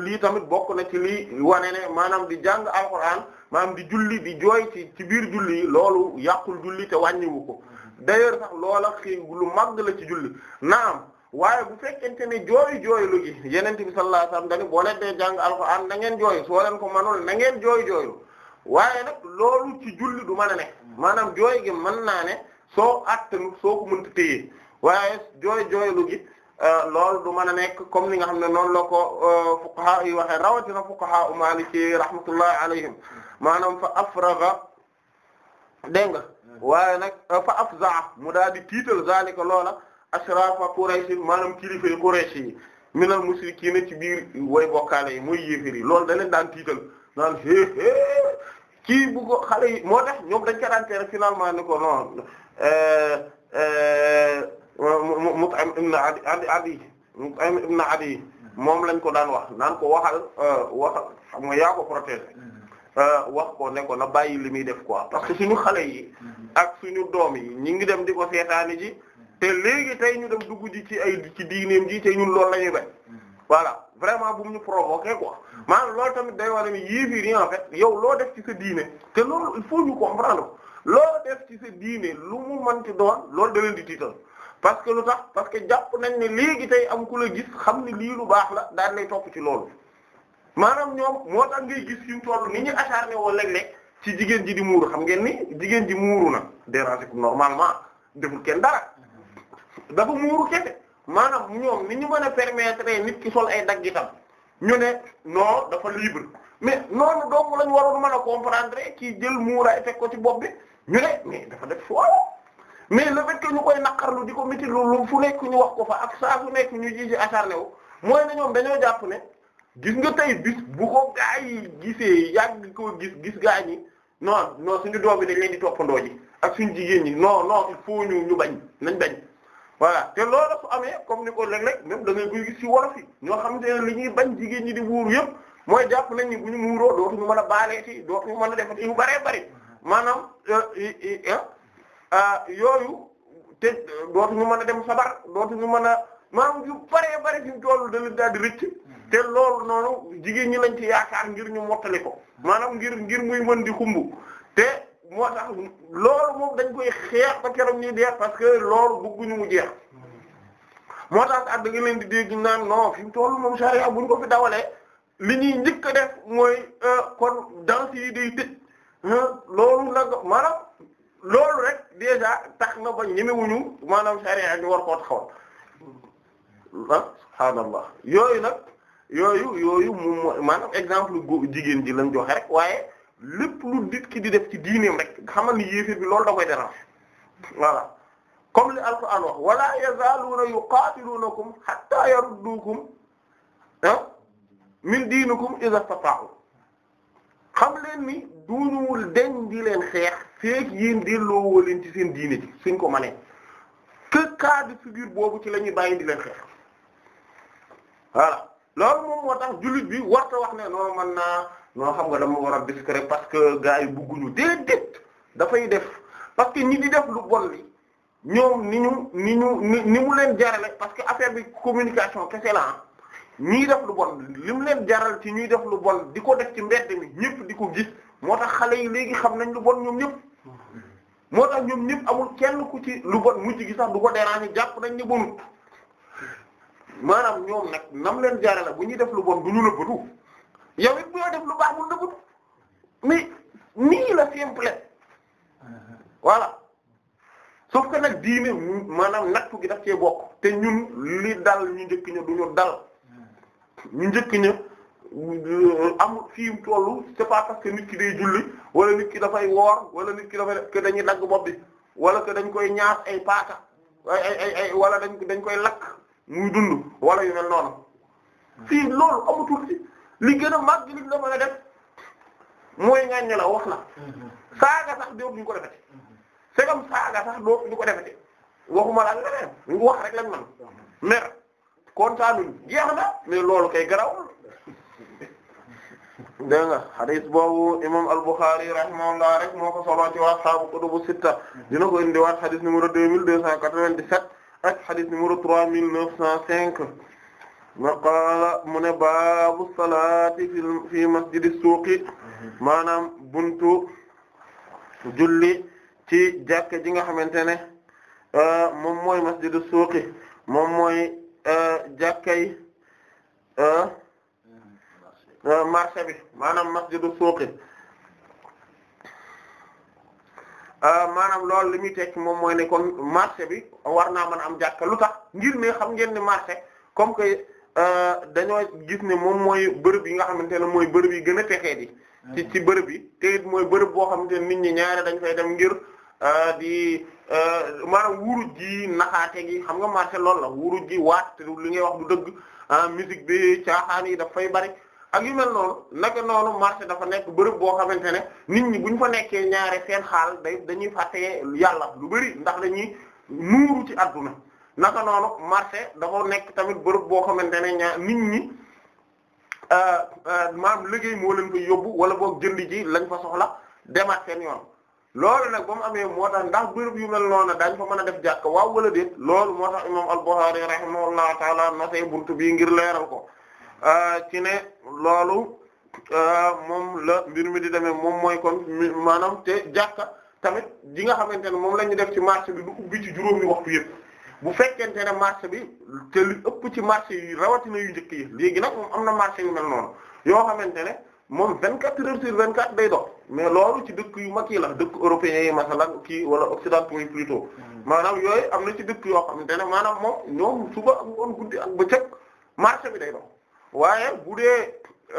lii tamit bokk na ci li wane ne maanaam di jàng alquran maanaam di julli di jooy ci ci biir julli yi loolu yàqul julli te wàññiwu ko mm-hmm. d'ailleurs sax loola xii lu màgg la ci julli naam waaye bu fekkente ne jooy jooylu gi yeneen bi sallallahu alayhi wasallam dañu boo leen dee jàng alxuraan na ngeen jooy soo ko mënul na ngeen jooy jooylu waaye nag loolu ci julli du mën a ne maanaam jooy gi mën naa ne soo attanu soo ko mënta téye waaye jooy jooylu gi euh, loolu du mën a nekk comme ni nga xam ne noonu la ko euh, fuqaha yi waxee rawatina fuqaha u maliki rahmatullahi alayhim maanaam fa afraga dégg nga hmm. waaye nag euh, fa afzaa mu daal di tiital zalika loola asrafa Quraysh maanaam kilifa yi Quraysh yi minal musrikiina ci biir way bokkaale yi muy yéefér yi loolu da leen daan tiital naan hee hee kii bu xale yi moo tax ñoom dañ ko daan tere finalement ni ko non euh, euh, Mut'im moom lañ ko daan wax naan ko waxal euh, waxal yaa ko protéger wax ko ne ko na bàyyi li muy def quoi parce que suñu xale yi ak suñu doom yi ñi ngi dem di ko seetaani ji te léegi tey ñu dem dugg ji ci ay ci diineem ji te ñun lool la ñuy bañ vraiment bu mu ñu provoquer ko maanaam lool tamit day war a ni yéefir en fait yow loo def ci sa diine te loolu il faut ñu comprendre loo def ci sa diine lu mu man manti doon loolu da leen di tiital parce que lu tax parce que jàpp nañ ne léegi tey am ku la gis xam ni lii lu baax la daan lay topp ci loolu maanaam ñoom moo tax ngay gis fi mu toll ni ñu acharné woo léeg lekk ci jigéen ji di muuru xam ngeen ni jigéen ji muuru na dérangé ko normalement deful kenn dara dafa muuru kese maanaam ñoom ni ñu mën a permettre nit ki sol ay daggitam ñu ne noo dafa libre mais noonu doomu lañ waroon mën a comprendre kii jël muuraay teg ko ci bopp bi ñu ne mais dafa def foofu mais le fait que ñu koy naqarlu di ko métti lu fu nekk ñu wax ko fa ak saa fu nekk ñu ji ji acharné wu mooy ne ñoom dañoo jàpp ne gis nga tey bis bu ko gaa yi gisee yàgg ko gis gis gaa ñi non non suñu doom bi dañ leen di toppandoo ji ak suñu jigéen ñi non non ñu ñu bañ nañ bañ. voilà te loolu su amee comme ni ko léeg-léeg même da ngay koy gis ci wolof ñoo xam te ne li ñuy bañ jigéen ñi di muuru yëpp mooy jàpp nañ ni bu ñu muuroo dootuñu mën a baaleeti dootuñu mën a defati yu bëree bëri maanaam euh, euh, yooyu te euh, dootuñu mën a dem sabar dootuñu mën a maanaam yu bëree bëri ci toolu da leen daal di rëcc te lool noonu jigéen ñi lañ ci yaakaar ngir ñu mottali ko maanaam ngir ngir muy mën di xumb te. moo tax loolu moom dañ koy xeex ba keroog ñuy deex parce que loolu bëgguñu mu jeex moo tax ak da nga leen di dégg naan non fi mu toll moom charia buñ ko fi dawalee li ñuy njëkk a def mooy euh, kon danse yi day tëj loolu nag maanaam loolu rek déjà tax nga ba ñemewuñu maanaam charia ñu war koo taxawal ah subhaanallah yooyu nag yooyu yooyu moom maanaam exemple jigéen ji lañ joxe rek waaye lépp lu ki di def ci diineem rek nga xamal ni yéefir bi loolu da koy déranger voilà comme li alquran wax wala yazaluuna yuqatilunakum hatta yaruddukum ah min diinikum idha istata'u xam leen ni duunuwul deñ di leen xeex feek yéen delloowoo leen ci seen diine ji suñ ko manee que cas de figure boobu ci lañuy ñuy bàyyi di leen xeex voilà loolu moom moo tax jullit bi warta wax ne noonu man naa non xam nga dama war a discret parce que gars yi bugguñu déedéet dafay def parce que ñi di def lu bon li ñoom ni ñu ni ñu ni ni mu leen jarale parce que affaire bi communication kese la ah. ñii def lu bon li mu leen jaral ci ñuy def lu bon di ko def ci mbedd mi ñëpp di ko gis moo tax xale yi léegi xam nañ lu bon ñoom ñëpp moo tax ñoom ñëpp amul kenn ku ci lu bon mujj gi sax du ko déranger jàpp nañ ni bonut maanaam ñoom nag nam leen jarale bu ñuy def lu bon du ñu la bëtu yow it boo def lu baax mu dëggut mais nii la simple voilà sauf que nag diine maanaam nattu gi daf cee bokk te ñun li dal ñu njëkk ña du ñu dal ñu njëkk ña am fii mu tollu c'est pas parce que nit ki day julli wala nit ki dafay woor wala nit ki dafay que dañuy dagg bopp bi wala que dañ koy ñaar ay paaka ay ay ay dañ dañ koy lakk muy dund wala yu mel noonu fii loolu amatul ci li gën a màgg li la mën a def mooy ngaañ la wax la mm-hmm. saaga sax dootuñu ko defete mm-hmm. c'est comme saaga sax dootuñu ko defete waxuma la leneen ñu wax rek lañ man mm-hmm. mer kontaanuñ jeex na mais loolu kay garawul dégg nga hadith boobu imam al-Bukhari rahimahullah rek moo ko solo ci waa ashaabu kutubu sitta dina ko indiwaat hadith numéro deux mille deux cent quatre-vingt-dix-sept ak hadith numéro trois mille neuf cent cinq ma qaala mu ne baabu salaati fi masjidi suuqi maanaam buntu julli ci jàkka ji nga xamante ne euh, moom mooy masjidu suuqi moom mooy euh, jàkkay euh, marché bi maanaam masjidu suuqi maanaam lool li muy tekk moom mooy ne kon marché bi war naa mën a am jàkka lu tax ngir ne xam ngeen ni marché comme que Euh, dañoo gis ne moom mooy bërëb yi nga xamante ne mooy bërëb yi gën a texee di ci ci bërëb yi te mooy bërëb boo xamante ne nit ñi ñaare dañ fay dem ngir euh, di euh, maanaam wuruj ji naxaate gi xam nga marché loolu la wuruj ji waat li ngay wax du dëgg ah musique bi caaxaan yi daf fay bari ak yu mel noonu naka noonu marché dafa nekk bërëb boo xamante ne nit ñi bu ñu fa nekkee ñaare seen xaal day dañuy fàtte yàlla lu bari ndax dañuy nuuru ci àdduna naka noonu marché dafa nekk tamit bërëb boo xamante ne ñaa nit ñi euh, euh, maam liggéey moo leen yóbbu wala boo jënd ji lañ fa soxla demaat seen yoon loolu nag ba mu amee moo tax ndax bërëb yu mel noonu daañ fa mën a def jàkk waaw wala déet loolu moo tax imam al-Bukhari rahimahullahu taala nosey buntu bii ngir leeral ko ki euh, ne loolu moom la mbir mi di demee moom mooy kon maanaam te jàkka tamit ji nga xamante ne moom la def ci marché bi du ubbi ci juróomi bu fekkente ne marché bi te lu ëpp ci marché yi rawatina yu njëkk yi léegi nag moom am na marché yu mel noon yoo xamante ne moom 24 heures sur 24 day doo mais loolu ci dëkk yu mag yi la dëkk européens yi masalan kii wala occidentaux yi plutôt hmm. maanaam yooyu am na ci dëkk yoo xamante ne maanaam moom ñoom suba am ngoon guddi ak bëccëg marché bi day dox waaye bu dee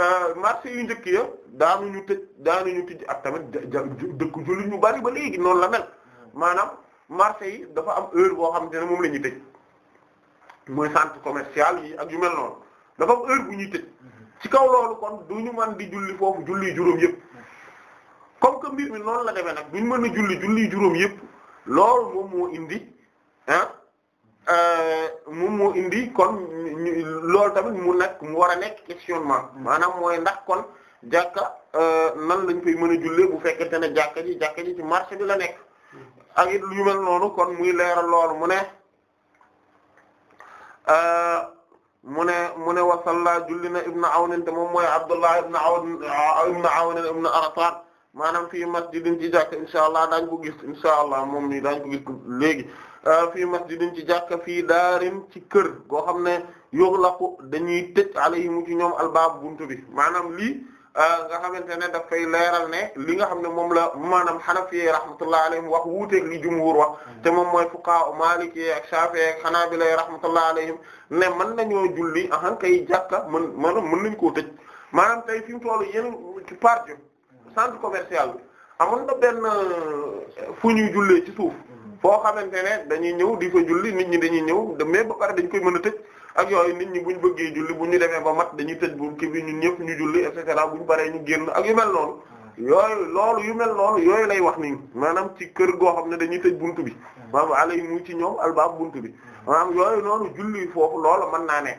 euh, marché yu njëkk ya daanuñu tëj daanuñu tëj ak tamit dëkk jullit ñu bari ba léegi noonu la mel hmm. maanaam. marché yi dafa am heure boo xamante ne moom la ñuy tëj mooy centre commercial yi ak yu mel noonu dafa am heure bu ñuy tëj mhm. ci kaw loolu kon du ñu mën di julli foofu julli juróom yëpp mhm. comme que mbir mi noonu la demee nag du ñu mën a julli julli juróom yëpp loolu moom moo indi ah euh, mu moo indi kon loolu tamit mu nekk mu war a nekk questionnement mhm. maanaam mooy ndax kon jàkka euh, nan lañ koy mën a jullee bu fekkente ne jàkka ji jàkka ji ci marché bi la nekk ak it lu noonu kon muy leeral loolu mu ne euh, mu ne mu ne wa salla julli na ibnu Awn te moom mooy Abdullah ibnu Awn euh, ibnu Awn ibnu Aratan maanaam fii masjidin ci jàkk insha allah daañ ko gis insha allah moom nii daañ ko gis léegi euh, fii masjidin ci jàkk fii daarin ci kër goo xam ne yuxlaqu dañuy tëj alayhimu ñoom albaab buntu bi maanaam lii a euh, nga xamante ne daf fay leeral ne li nga xam ne moom la maanaam xanafi rahmatullahi alayhim wax wuuteeg li jumhur wax mm. te moom mooy fuqaha maliki ak shafi ak xanaabila rahmatullahi alayhim ne mën nañoo julli ahan kay jàkka mën maanaam mën nañ koo tëj maanaam tey fi mu toll yéen ci parc centre commercial bi amoon na benn euh, ñuy jullee ci suuf mm. foo xamante ne dañuy ñëw di fa julli nit ñi dañuy ñëw mais ba pare dañ koy mën a tëj ak yooyu nit ñi bu ñu bëggee julli bu ñu demee ba mat dañuy tëj bu kii bi ñun ñëpp ñu julli et cetera bu ñu paree ñu génn ak yu mel noonu hmm. yooyu loolu yu mel noonu yooyu lay wax nii maanaam ci kër goo xam ne dañuy tëj buntu bi hmm. maanaam alay mu ci ñoom albaab buntu bi hmm. maanaam yooyu noonu julli foofu loolu mën naa ne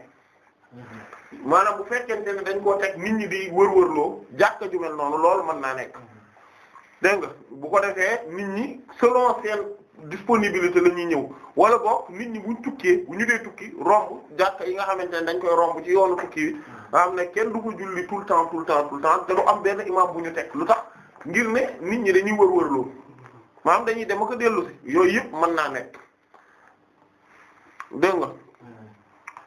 maanaam bu fekkente ne dañ koo teg nit ñi di wërwërloo jàkka ju mel noonu loolu mën naa nekk dégg nga bu ko defee nit ñi selon seen disponibilité la ñuy ñëw wala boog nit ñi buñ tukkee bu ñu dee tukki romb jàkka yi nga xamante ne dañ koy romb ci yoonu tukki yi nga xam ne kenn du ko julli tout le temps tout le temps tout le temps te am bu ñu teg lu tax ngir ne nit ñi dañuy wër-wër dañuy dem ak a dellu yooyu yëpp mën naa nekk dégg nga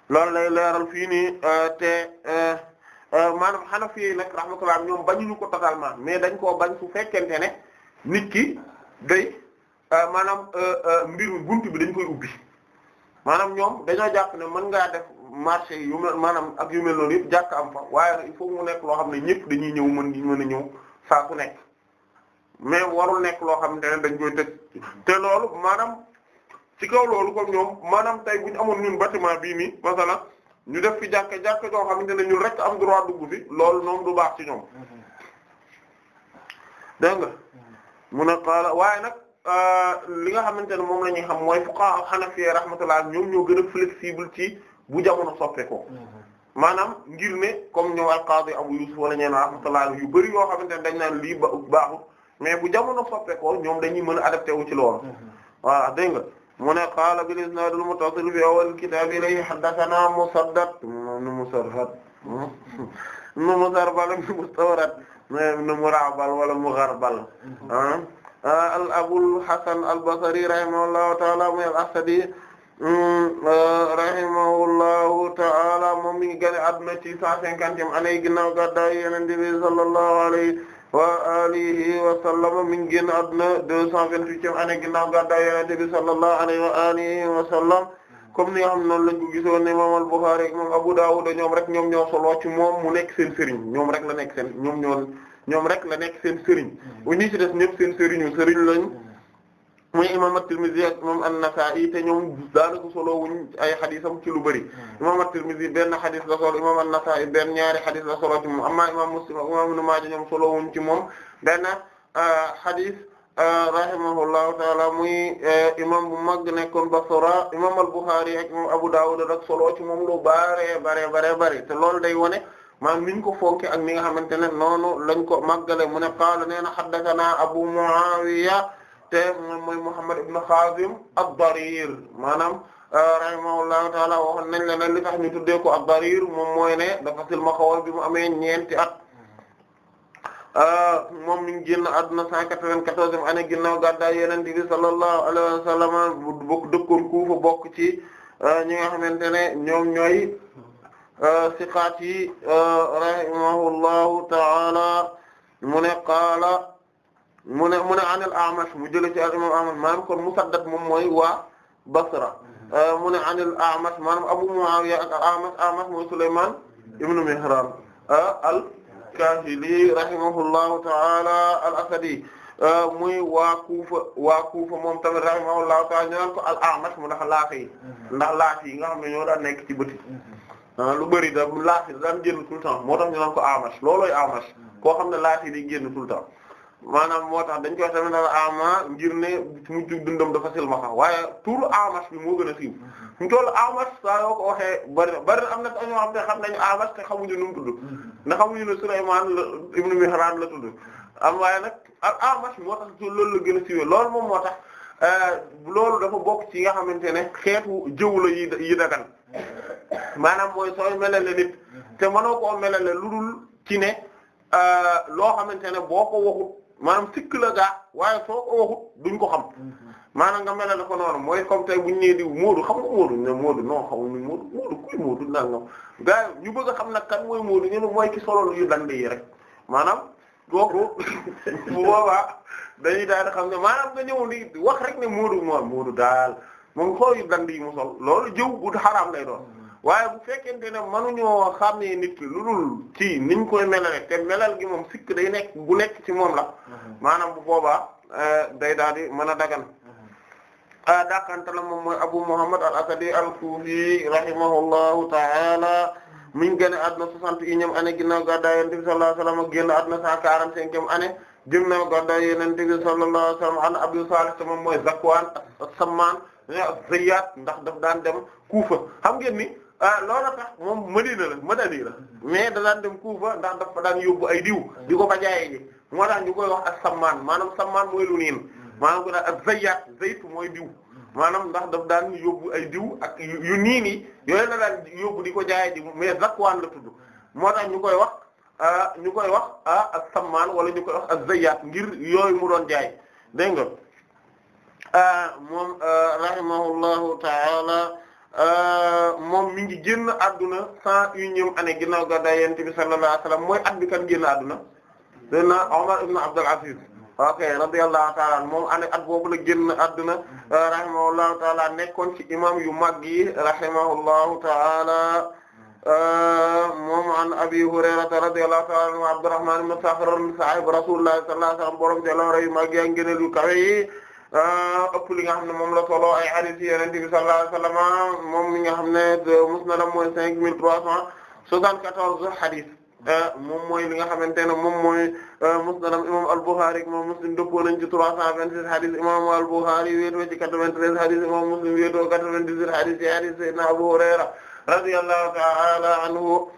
loolu lay leeral fii nii euh, te euh, euh, maanaam Hanafi yi nag rahmatullah ñoom bañuñu ko totalement mais dañ koo bañ su fekkente ne nit ki day. Euh, maanaam euh, euh, mbir mi buntu bi dañ koy ubbi maanaam ñoom dañoo jàpp ne mën ngaa def marché yu mel maanaam ak yu mel noonu yëpp jàkk am fa waaye il mu nekk loo xam ne ñëpp dañuy ñëw mën di mën a ñëw saa ku nekk mais warul nekk loo xam ne dañ koy tëj te loolu maanaam ci kaw loolu comme ñoom maanaam tey bu ñu ñun bâtiment bii nii masala ñu def fi jàkka jàkka joo xamante ne ñun rek am droit dugg fi loolu ñoom du baax ci ñoom mm-hmm. dégg nga mm-hmm. mu ne waaye nag. Euh, li nga xamante ne moom la ñuy xam mooy fuqaha Hanafi rahmatullah ñoom ñoo gën a flexible ci bu jamono soppeekoo. Mhm. maanaam ngir ne comme ñoo al Qadi Abu Yusuf wala ñeen rahmatullah yu bëri yoo xamante ne dañ naan lii ba baaxul mais bu jamono soppeekoo ñoom dañuy mën a adapté wu ci loolu. waaw mhm. dégg nga mu ne qaala bil isnaad al muttasil fi awwal kitaab ilayhi haddathana Musaddad nu mu Musarhad nu mu Musarbal nu Mustawrad nu Murabal wala Mugharbal mhm. ah. Ah, al Abul Hasan al Basri rahimahullahu ta'ala muy al Asadi mm, ah, rahimahullahu moom mi ngi génn àdduna cent cinquantième année ginnaaw gàddaay Yonent bi sallallahu alayhi wa alihi wa sallam mi ngi génn àdduna deux cent vingt-huitième année ginnaaw gàddaay Yonent bi sallallahu alayhi wa alihi wa sallam comme ni nga xam noonu lañ ko gisoon ne moom al-Bukhari ak moom Abu Dawud ñoom rek ñoom ñoo solo ci moom mu nekk seen sëriñ ñoom rek la nekk seen ñoom ñoo ñoom rek la nekk seen sëriñ ñi ci des ñëpp seen sëriñu sëriñ lañ muy imam at-Tirmidhi ak imam an-Nasa'i te ñoom daanaka solo wuñ ay xadisam ci lu bëri imam at-Tirmidhi benn xadis la solo imam an ñaari xadis la solo ci moom amma imam Muslim ak imam Ibn Maaja ñoom solo wuñ ci moom benn euh, xadis euh, rahimahullahu taala muy euh, imam bu mag nekkoon Basra imam al-Bukhari ak imam Abu Dawud rek solo ci moom lu bare bare bare te loolu day wone maanaam niñ ko fonke ak ni nga xamante ne noonu lañ ko màggale mu ne qaala nee na haddathanaa Abu Muawiya te moom mooy Muhammad ibn Khazim ad-Darir maanaam euh, rahimahullahu taala waxoon nañ la ne li tax ñu tuddee ko ad-Darir moom mooy ne dafa silma xawal bi mu amee ñeenti at euh, moom mi ngi génn àdduna 194e année ginnaaw gàddaay Yonent bi sallallahu alayhi wa sallam bokk dëkkoon Kuufa bokk ci euh, ñi nga xamante ne ñoom ñooy siqaat yi rahimahullahu ta'ala mu ne qaala mu ne mu ne an al-A'mash mu jëlee ci al-imam Ahmad maanaam kon Musaddad moom mooy waa Basra mu ne an al-A'mash maanaam Abu Muawiya ak al-A'mash A'mash mooy Sulaymaan ibnu Mihraan al-Kaahili rahimahullahu ta'ala al-Asadi muy waa Kuufa waa Kuufa moom tamit rahimahullahu ta'ala ñu naan ko al-A'mash mu ndax laaf yi ndax laaf yi nga xam ne ñoo daan nekk ci bëti Ah, lu bëri da laafir daan génn tout le temps moo tax ñu naan ko amash loolooy amash hmm. koo xam ne laafir yi génn tout le temps maanaam moo tax dañ koy tamit naan ama ngir ne mujj dundam dafa silmaxa waaye turu amash bi moo gën a siiw hmm. mu toll amash saa yoo ko waxee bari na bari na am na ñoo xam ne xam nañu amash te xamuñu nu mu tudd hmm. ndax xamuñu ne Sulaymaan la ibnu Mihraan la tudd am waaye nag ak amash moo tax loolu la gën a siiwee loolu moom moo tax eh, loolu dafa bokk ci nga xamante ne xeetu jëw la yi yi dagan maanaam mooy sooy melale nit te mënoo koo melale lu dul ci ne euh, loo xamante ne boo ko waxut maanaam sikk la waaye soo ko waxut duñ ko xam maanaam nga melale ko noonu mooy comme tey buñ nee di Moodu xam nga Moodu ne Moodu non xamuñu Moodu Moodu kuy Moodu nangam gaa ñu bëgg a xam nag kan mooy Moodu ñu ne mooy ki solo yu dand yi rek maanaam kooku bu boobaa dañuy daal di xam ne maanaam nga ñëw di wax rek ne Moodu moom Moodu daal moom xool yu dand yi mu sol loolu jëw lay doon. waaye bu fekkente ne mënuñoo xàmmee nit ki lu dul ci niñ koy melale te melal gi moom sikk day nekk bu nekk ci moom la mhm. maanaam mu boobaa euh, day daal di mën a dagan mhm. euh, dàqante la moom mooy Abu Muhammad al-Asadi al-Kufi rahimahullahu ta'ala mi ngi génn àdduna soixante et unième année ginnaaw gàddaay Yonent bi sallallahu génn àdduna cent quarante-cinquième année ginnaaw gàddaay Yonent bi sallallahu alayhi wasallam an Abu Salih te moom mooy Zakwan as-Samman ndax daf daan dem Kufa xam ngeen ah loolu tax moom Madina la Madani la mais da daan dem Kufa ndax dafa daan yóbbu ay diw di ko fa jaayee ji moo tax ñu wax ak sammaan maanaam sammaan mooy lu niin maanaam ak zayyat mooy diw maanaam ndax daf daan yóbbu ay diw ak yu niin yi yooyu la daan yóbbu di ko jaayee ji mais zakwaan la tudd tax ñu koy wax ah, ñu koy wax ah ak sammaan wala ñu koy wax ak zayyat ngir yooyu mu doon jaay dégg nga ah, moom ah, rahimahullahu ta'ala Euh, moom mi ngi génn adduna cent unième année ginnaaw gàddaay yonent bi sallallahu alayhi wasallam mooy at bi kan génn adduna dana Umar ibn Abdul Aziz ok radiyallahu ta'ala moom année at boobu la génn adduna euh, rahimahullahu ta'ala nekkoon ci imam yu mag yi ta'ala euh, moom an Abi Hurayrata radiyallahu ta'ala anhu Abdurrahman ibn Sakhr sahib Rasulullah sallallahu alayhi wasallam borom yu mag yi ak ngëneel yu yi Ah, ëpp li nga xam ne moom la solo ay hadith Yonent bi sallallahu alayhi wa sallam moom mi nga xam ne musnadam mooy cinq mille trois cent soixante-quatorze hadith ah, moom mooy li nga xamante ne moom mooy ah, musnadam imam al-Bukhari imam Muslim dëppoo nañ ci trois cent vingt-six hadith imam al-Bukhari wéetoo ci quatre-vingt-treize imam Muslim wéetoo quatre-vingt-dix-huit hadith ci hadith Sayyidina Abu Hurayra radiyallahu ta'ala anhu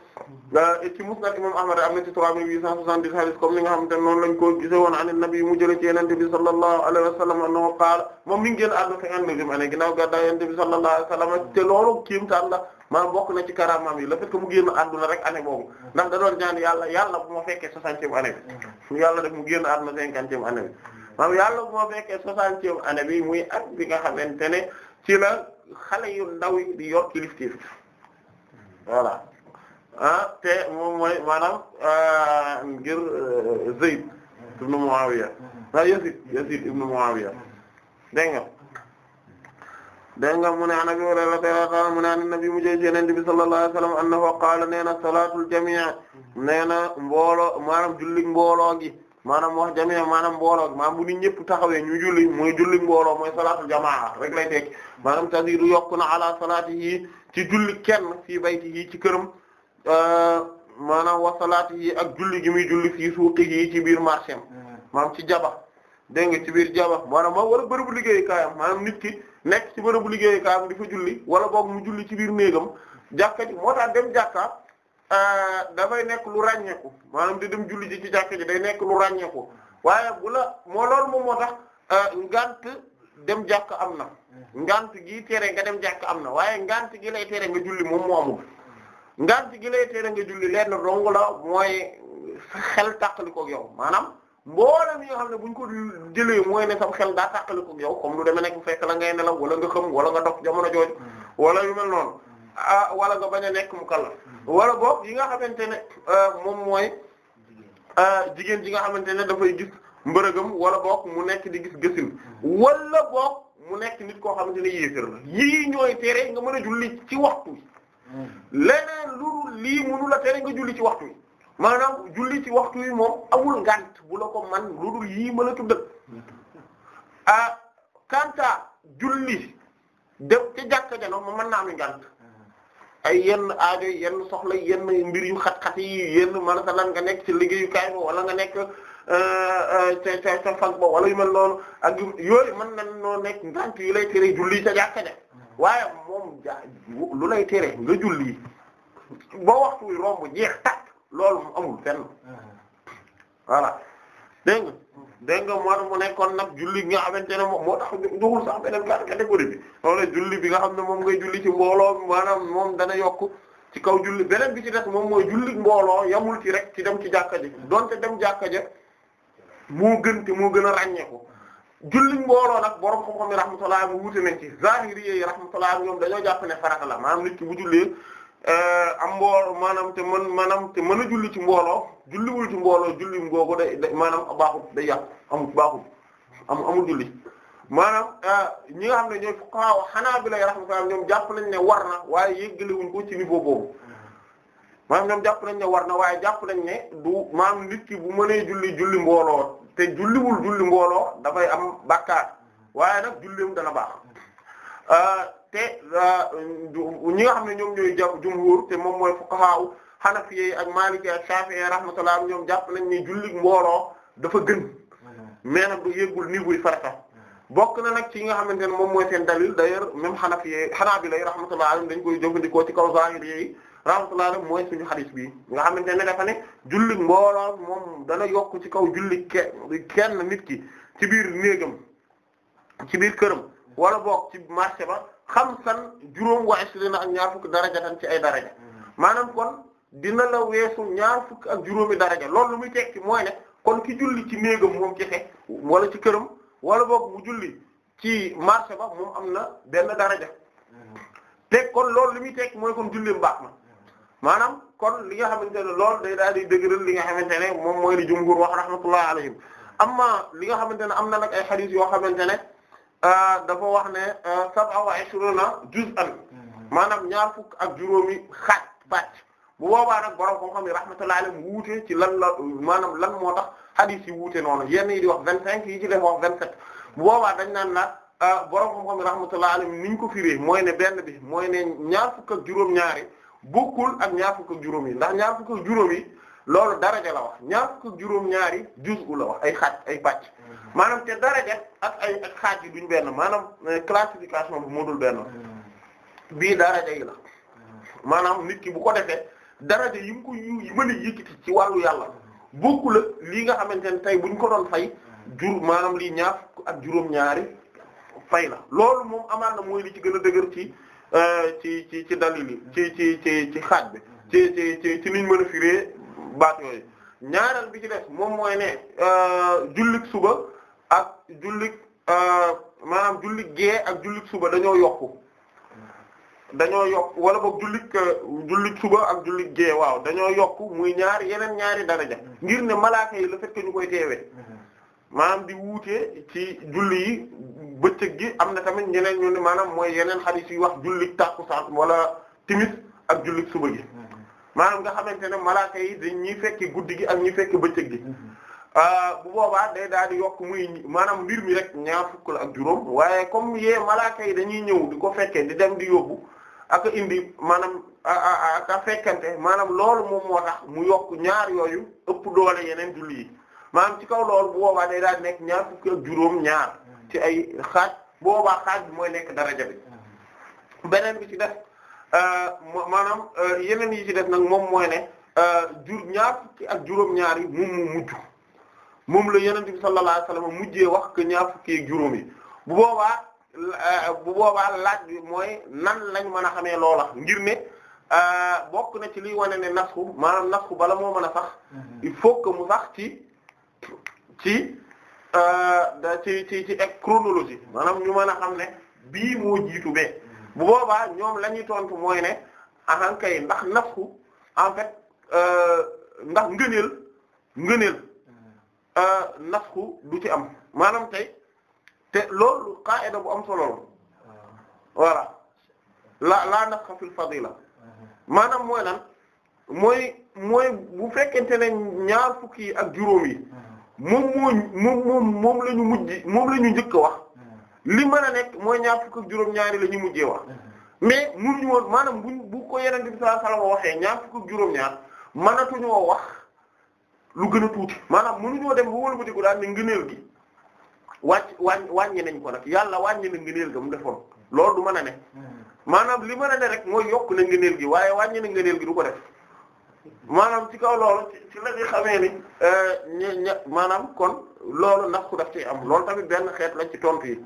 Euh, et ci musnad imam Ahmad am na ci 3870 hadith comme li nga xamante ne noonu lañ ko gisee woon an nabi mu jëlee ci yonent bi sallallahu alayhi wa sallam annahu qaala moom mi ngi génn àdduna cinquante-neuvième année ginnaaw gàddaay yonent bi sallallahu alayhi wa sallam te loolu kiimtaan la maanaam bokk na ci karamaam yi le fait que mu génn àdduna rek année boobu ndax da doon ñaan yàlla yàlla bu ma fekkee soixantième année bi yàlla def mu génn àdduna cinquantième année bi maanaam yàlla bu ma fekkee soixantième année bi muy at bi nga xamante ne ci la xale yu ndaw yi di yor kilifteef voilà ah te moom mooy maanaam ah, ngir euh, Zayd ibn Muawiya ah Yazid Yazid ibn Muawiya dégg nga dégg mu ne an Abi Hurayra mu ne an nabi mu jël Yonent bi sallallahu alayhi wa sallam annahu qaala nee na salaatul jamii' nee na mbooloo maanaam julli mbooloo gi maanaam wax jamii' maanaam mbooloo gi maanaam bu nit ñëpp taxawee ñu julli muy julli mbooloo mooy salaatul jamaa rek lay tekki maanaam taziidu yokku na ala salaatihi ci julli kenn fii baytihi ci këram. Euh, maanaam wasalaat yi ak julli gi muy julli fii suuqi yi ci biir marché am maanaam hmm. ci jaba dégg nga ci biir jaba maanaam moom wala bërëbu liggéeyukaayam maanaam nit ki nekk ci bërëbu liggéeyukaayam di fa julli wala boog mu julli ci biir néegam jàkka ji moo tax dem jàkka euh, dafay nekk lu ràññeeku maanaam di dem julli ji ci jàkka ji day nekk lu ràññeeku waaye bu moo loolu moom moo tax euh, ngant dem jàkka am na hmm. ngant gi tere nga dem jàkka am na waaye ngant gi lay tere nga moom moo ngant gi lay tere nga julli lenn dong la mooy xel tàqalikoog yow maanaam mboolem yi nga xam ne buñ ko jëlee mooy ne sam xel daa tàqalikoog yow comme lu demee nekk bu fekk la ngay nelaw wala nga xam wala nga dox jamono jooju hmm. wala yu mel noonu a ah, wala nga bañ a nekk mu kàlla hmm. wala boog yi nga xamante ne euh, moom mooy euh, jigéen ji nga xamante ne dafay gis mbërëgam wala boog mu nekk di gis gësin hmm. wala boog mu nekk nit koo xamante ne yéefér yi yii ñooy tere nga mën a julli ci waxtu leneen lu lii mënu la tere nga julli ci waxtu wi maanaam julli ci waxtu yi moom amul ngant bu la ko man lu dul yii mën a tuddal ah kanta julli def ca jàkka ja noonu mën naa am ngant ay yenn aajo yen soxla yenn mbir yu xat-xat yi yenn maanaam nga nekk ci liggéeyukaay ba wala nga nekk euh, euh, ca ca ca fag ba wala yu mel noonu ak yooyu mën nañoo nekk ngant yu lay tere julli ca jàkka ja waaye moom ja lu lay tere nga julli boo waxtu wi romb jeex tàkk loolu mu amul fenn voilà dégg nga dégg moo mu nekkoon nag julli nga xamante ne moom moo tax duwul sax beneen kat catégorie bi wala julli bi nga xam ne moom ngay julli ci mbooloo maanaam moom dana yokk ci kaw julli beneen bi ci des moom mooy julli mbooloo yamul ci rek ci dem ci jàkka doon donte dem jàkka ja moo gën te moo gën a ràññeeku julli mbooloo nag borom xam-xam yi rahmatullah mu wuute nañ ci zahiri yi rahmatullah ñoom dañoo jàpp ne la maanaam nit ki bu euh, am mbooloo maanaam te mën maanaam mën a julli ci mbooloo julliwul ci mbooloo julli googu day day maanaam baaxul day yàqu amul baaxul am amul julli maanaam euh, ñi nga xam ne ñooy fuqaha hanabila rahmatullah ñoom jàpp nañ ne war na waaye yëggalewuñ ko ci niveau boobu maanaam ñoom jàpp nañ ne war na waaye jàpp nañ ne du maam nit ki bu mënee julli julli mbooloo te julliwul julli mbooloo dafay am bakkaar waaye nag julleem dana baax euh, te euh, ñi nga xam ne ñoom ñooy jàpp jumhur te moom mooy fuqaha Hanafi ak Maliki ak Shafi'i rahmatullah ñoom jàpp nañ ni julli mbooloo dafa gën mais nag du yëggul niveau yi farata bokk na nag ci nga xamante ne moom mooy seen dalil d'ailleurs même Hanafi Hanabila rahmatullah dañ koy jëfandikoo ci kaw zahiri yi rahmatullah mooy suñu hadith bi nga xam ne dafa ne jullit mbooloo moom dana yokk ci kaw jullit kenn nit ki ci biir néegam ci biir këram wala boog ci marché ba xam san juróom wa ishrina ak ñaar fukki daraja tan ci ay daraja maanaam kon dina la weesu ñaar fukk ak juróomi daraja loolu lu muy tekki mooy ne kon ki julli ci néegam moom kese wala ci këram wala boog mu julli ci marché ba moom am na benn daraja hmm. te kon loolu li muy tekki mooy kon julleem baax na maanaam kon li nga xamante ne loolu day daal di dëgëral li nga xamante ne moom mooy li jumhur wax rahmatullahi alayhim amma li nga xamante ne am na nag ay xadiis yoo xamante ne euh, dafa wax ne euh, sab'a wa ishruna juz'an maanaam ñaar fukk ak juróomi xaaj bàcc bu boobaa nag borom xam-xam yi rahmatullahi alayhim wuute ci lan la maanaam lan moo tax xadiis yi wuute noonu yenn yi di wax vingt cinq yi ci def wax vingt sept bu boobaa dañ naan la euh, borom xam-xam yi rahmatullahi alayhim niñ ko firee mooy ne benn bi mooy ñaar fukk ak juróom-ñaari bokkul ak ñaar fukk ak juróom yi ndax ñaar fukk ak juróom yi loolu daraja la wax ñaar fukk ak juróom ñaari juz'u la wax ay xaaj ay pàcc mm-hmm. maanaam te daraja ak ay ak xaaj yi duñ benn maanaam euh, classification bi moo dul benn mm-hmm. bii daraja yi la mm-hmm. maanaam nit ki bu ko defee yi mu ko yu ci wàllu yàlla bokkul ak lii nga xamante ne tey buñ ko doon fay jur maanaam lii ñaar fukk ak juróom ñaari fay la loolu moom amaan na mooy li ci gën a dëgër ci Euh, ci ci ci dalil ci ci ci ci xaaj bi ci ci ci ci niñ mën baat yooyu ñaareel bi ci def moom mooy ne euh, jullik suba ak jullik euh, maanaam jullik gee ak jullik suba dañoo yokk dañoo yokk wala boog jullik julli suba ak jullik gee waaw dañoo yokk muy ñaari yeneen ñaari daraja ngir ne malaaka yi le fait ñu koy teewee maanaam di wuute ci julli yi bëccëg gi am na tamit ñeneen ñu ne maanaam mooy yeneen hadith yi wax jullit tàkkusaan wala timis ak jullit suba gi mm-hmm. maanaam nga xamante ne malaaka yi dañ ñi fekki guddi gi ak ñi fekki bëccëg gi mm-hmm. ah, bu boobaa day daal di yokk muy maanaam mbir mi rek ñaar fukk la ak juróom waaye comme yee malaaka yi dañuy ñëw di ko fekkee di dem di yóbbu ak indi maanaam aka fekkante maanaam loolu moom moo tax mu yokk ñaar yooyu ëpp doole yeneen julli yi maanaam ci kaw loolu bu boobaa daal di nekk ñaar fukk ak juróom ñaar ci ay xaaj boobaa xaaj bi mooy nekk daraja bi beneen bi ci def euh, maanaam euh, yeneen yi ci def nag moom mooy ne euh, jur ñaar fukki ak juróom-ñaar yi moom mu mujj moom la yeneen bi sallallahu alayhi wasallam mujjee wax que ñaar fukki ak juróom bu boobaa bu boobaa laaj bi mooy nan lañ mën a xamee loola ngir ne bokk na ci liy wane ne nasxu maanaam nasxu bala moo mën a sax mm-hmm. il faut que mu sax ci ci Euh, da ci ci ci ak chronologie maanaam ñu mën a xam ne bii moo jiitu bee bu boobaa ñoom la ñuy tontu mooy ne ahan kay ndax nafsu en fait euh, ndax ngëneel ngëneel euh, nafsu du ci am maanaam tey te loolu qaida bu am solo voilà la la nafsa fil fadila maanaam mooy lan moy moy bu fekkente ne ñaar fukki ak juróom moom moo moom moom moom la ñu mujj moom la ñu njëkk a wax hmm. li mën a nekk mooy ñaar fukk ak juróom-ñaari la ñu mujjee wax hmm. mais mënuñu woon maanaam buñ bu ko yeneen bi sallallahu alayhi wasallam waxee ñaar fukk ak juróom-ñaar mënatuñoo wax lu gën a tuuti maanaam mënuñoo dem ba wëlbati ko daal ne ngëneel gi wàcc wàññ wàññi nañ ko nag yàlla wàññi na ngëneel ga mu defoon loolu du mën a ne hmm. maanaam li mën a ne rek mooy yokk na ngëneel gi waaye wàññi na ngëneel gi du ko def maanaam ci kaw loolu ci la ñuy xamee ni euh, ña ña maanaam kon loolu ndax ku daf ci am loolu tamit benn xeet la ci tontu yi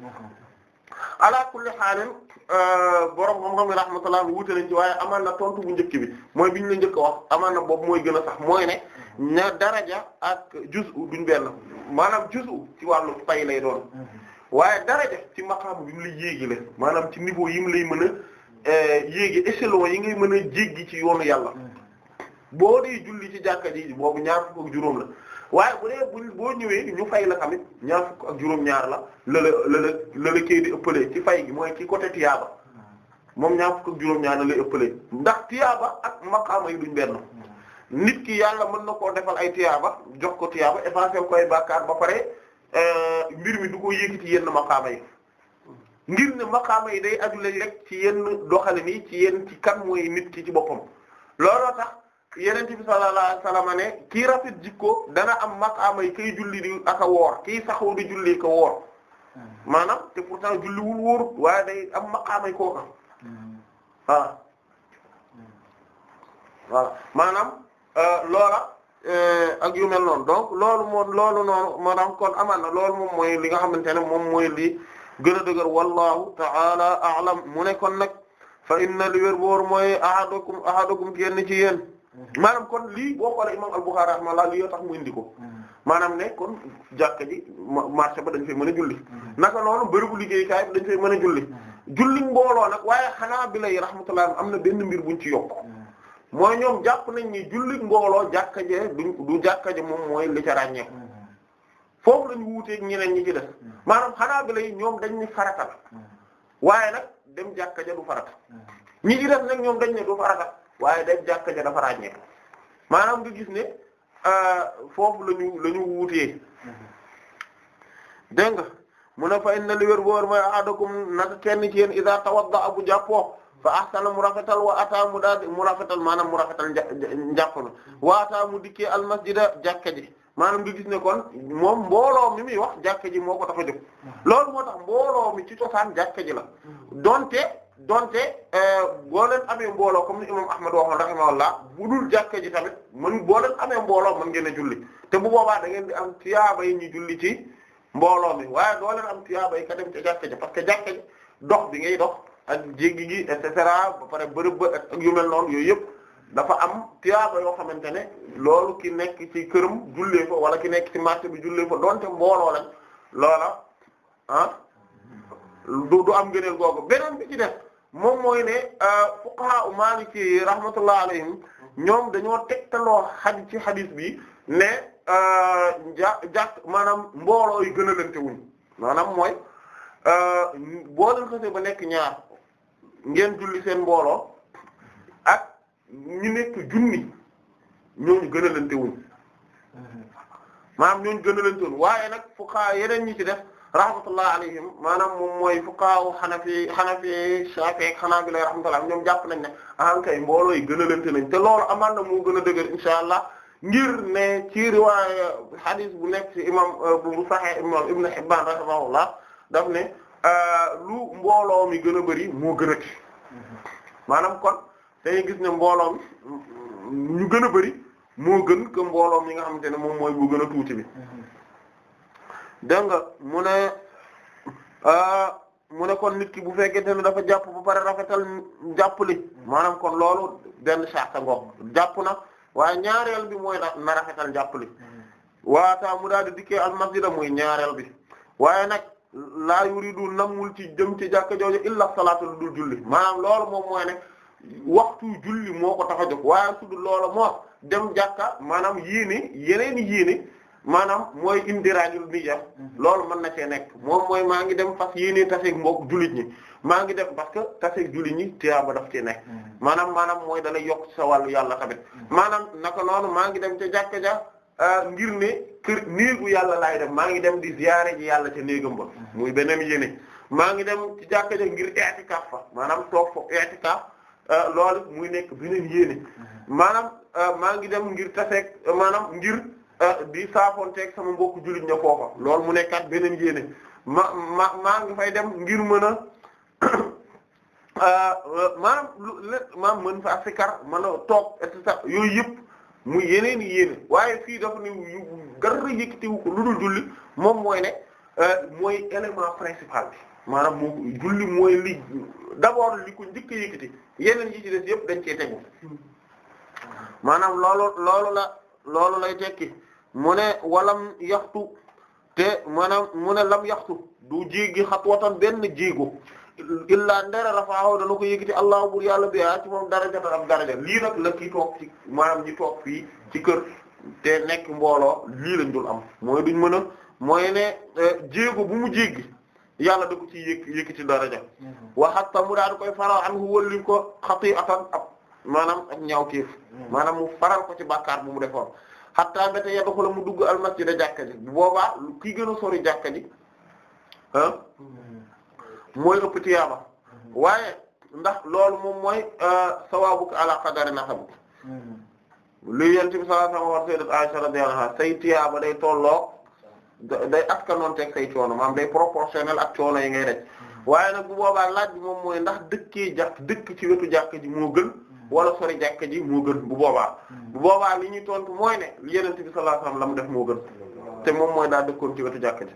ala kulli xaalin euh, borom xam-xam yi rahmatullah wuute nañ ci waaye amal na tontu bu njëkk bi mooy bi ñu la njëkk a wax amal na boobu mooy gën a sax mooy ne ña daraja ak juzu duñ benn maanaam juzu ci wàllu pay lay doon waaye daraja ci maqaam bi mu lay yéegi la maanaam ci niveau yi mu lay mën a euh, yéegi échelon yi ngay mën a jéggi ci yoonu yàlla boo dee julli ci jàkka ji boobu ñaar fukk ak juróom la waaye bu dee buñ boo ñëwee ñu fay la tamit ñaar fukk ak juróom-ñaar la la la la la kii di ëppalee ci fay gi mooy ci côté Tiyaba moom ñaar fukk ak juróom-ñaar la lay ëppalee ndax Tiyaba ak maqaama yi duñ benn nit ki yàlla mën na koo defal ay Tiyaba jox ko Tiyaba effacé koy bàkkaar ba pare euh, mbir mi du ko yëkkati yenn makaama yi. ngir ne makaama yi day aju lañ rek ci yenn doxalin yi ci yenn ci nit ki ci boppam yeneen bi sallallahu alayhi ne kii rafet jikko dana am maqaama yi kay julli di ak woor kii saxoo di julli ko woor hmm. maanaam te pourtant julliwul wóorut waaye day am maqaama yi kooka hmm. voilà euh, loola euh, ak yu mel noonu donc loolu moom loolu noonu maanaam kon amaan na loolu moom li nga xamante ne moom mooy li gën a dëgër wallahu ta'ala a'lam mu ne kon nag fa inna li wér boor mooy ahadukum ahadukum kenn ci yéen maanaam kon lii boo xoolee imam al-Bukhari rahimahullah lii yoo tax mu indi ko maanaam ne kon jàkka ji marché ba dañ fay mën a julli naka noonu bërëbu liggéeykaay bi dañ fay mën a julli julli mbooloo nag waaye xanaa bi lay rahmatullah am na benn mbir buñ ci yokk mooy ñoom jàpp nañ ni julli mbooloo jàkka jee duñ du jàkka je moom mooy li ca ràññeeku foofu lañ wuuteeg ñeneen ñi ci def maanaam xanaa bi lay ñoom dañ ni farata waaye nag dem jàkka ja du farata ñi ci def nag ñoom dañ ne waaye dem jàkka ja dafa ràññee maanaam ngi gis ne euh, foofu la ñu la ñu wuutee dégg nga mu ne fa inna li wér boor mooy ahadukum naka kenn ci yéen tawat tawadda abu jàppoo fa ahsana mu rafetal wa ataa mu daal mu rafetal maanaam mu rafetal njàpp na wa ataa mu dikkee al masjida jàkka ji maanaam nga gis ne kon moom mbooloo mi muy wax jàkka ji moo ko tax a jóg hmm. loolu moo tax mbooloo mi ci cosaan jàkka ji la hmm. donte. donte euh, boo leen amee mbooloo comme ni imam Ahmad waxoon rahimahullah bu dul jàkka ji tamit mën boo amee mbooloo mën ngeen a julli te bu boobaa da ngeen di am tiyaaba yi ñu julli ci mbooloo mi waaye doo am tiyaaba yi ka dem ci jàkka ji parce que jàkka dox bi ngay dox ak jéggi gi et cetera ba pare bërëb ba ak yu mel noonu yooyu yëpp dafa am tiyaaba yoo xamante ne loolu ki nekk ci këram jullee fa wala ki nekk ci marché bi jullee fa donte mbooloo lañ loola ah du du am gëneel googu beneen bi ci moom mooy ne euh, fuqaha u Maliki rahmatullah alayhim ñoom dañoo tegtaloo xadi ci xadis bi ne euh, ja jàkk maanaam mbooloo yu gën a maanaam mooy euh, boo leen xasee ba nekk ñaar ngeen julli seen mbooloo ak ñu nekk junni ñooñu gën a lante wuñ mm-hmm. maanaam ñooñu gën waaye nag fuqaha yeneen ñi ci def rahmatullah alayhim maanaam moom mooy fuqahaa xanafi xanafi shafi'i ak xanaabila rahmatullah ñoom jàpp nañ ne ahan mbooloo yi gën a lente nañ te loolu amaan na moo gën a dëgër insha allah ngir ne ci riwaaya hadith bu nekk ci imam euh, bu Sahih imam Ibn Hibban rahimahullah daf ne euh, lu mbooloo mi gën a bëri moo gën a ti maanaam kon dañuy gis ne mbooloom mi ñu gën a bëri moo gën que mbooloom mi nga xamante ne moom mooy bu gën a tuuti bi dégg nga mu ne ah, mu ne kon nit ki bu fekkente ne dafa jàpp ba pare rafetal jàpp li maanaam kon loolu benn sarta ngoog jàpp na waaye ñaareel bi mooy na rafetal jàpp li hmm. waataa mu daal di dikkee al masjida muy ñaareel bi waaye nag laa yuridu namul ci jëm ci jàkka jooju illa salaatu lu julli maanaam loolu moom mooy ne waxtu julli moo ko tax a jóg waaye su dul moo dem jàkka maanaam yéene yeneen yéene maanaam mooy indiraajul niyya mhm. loolu mën na cee nekk moom mooy maa ngi dem fas yéenee taseeg mbokk jullit ñi maa ngi dem parce que taseeg jullit ñi tiyaaba daf ci nekk mhm. maanaam maanaam mooy dalay yokk sa wàllu yàlla tamit mhm. maanaam naka noonu maa ngi dem ca jàkka ja ah, ngir ne kër néegu yàlla laay dem maa ngi dem di ziyaare ji yàlla ca néegam ba muy beneen yéene maa ngi dem ci jàkka ja ngir i'tikaf fa maanaam toog fa i'tikaf ah, loolu muy nekk beneen yéene ah, ngi dem ngir taseeg ngir Ah, di saafonteeg sama mbokku jullit ña foofa loolu mu nekkaat beneen yéene ma ma maa ngi fay dem ngir mën a ah, maanaam lu mën fa sikar mën toog et yëpp mu yeneen i waaye fii dafa ni garra yëkkatiwu ko lu dul julli moom mooy ne ah, mooy élément principal maanaam moo julli mooy li d'abord li ko njëkk a yëkkati yeneen yi yëpp dañ cee tegu hmm. maanaam loolu loolu la loolu lay tekki mu ne walam yaxtu te maanaam mu ne lam yaxtu du jigi xatwatan benn jiigu illaa ndera rafaahu dana ko yëkkati allahu bur yàlla biyaa ci moom daraja tan ab daraja lii nag la ki toog maanaam ñi toog fii ci kër te nekk mbooloo lii lañ dul am mooy duñ mën a mooy ne eh, jéego bu mu jéggi yàlla da ko ci yëkk yëkkati daraja mm-hmm. waxatta mu daal koy faral an hu wëllim ko xati'atan ab maanaam ak ñaaw kéef mm-hmm. maanaam mu faral ko ci bàkkaar bu mu defoon xattaa mbéte yadduxu la mu dugg almasjida jàkka ji boobaa kii gën a sori jàkka ji ah mooy ëpp tiyaaba waaye ndax loolu moom mooy ah, sawaabu ala qadari nasabuk li yent bi sallallahu alayhi wa sallam sayyidat Aisha radiyallahu anha say tiyaaba day tolloo day askanoon teg say coono maanaam day proportionnel ak coono yi ngay rek hmm. waaye nag bu boobaa laaj bi moom mooy ndax dëkk ci wetu jàkka ji moo gën wala sori jàkka ji moo gën bu boobaa hmm. bu boobaa li ñuy tontu mooy ne li yenente bi la mu def moo gën te moom mooy daal dëkkoon ci wetu jàkka ji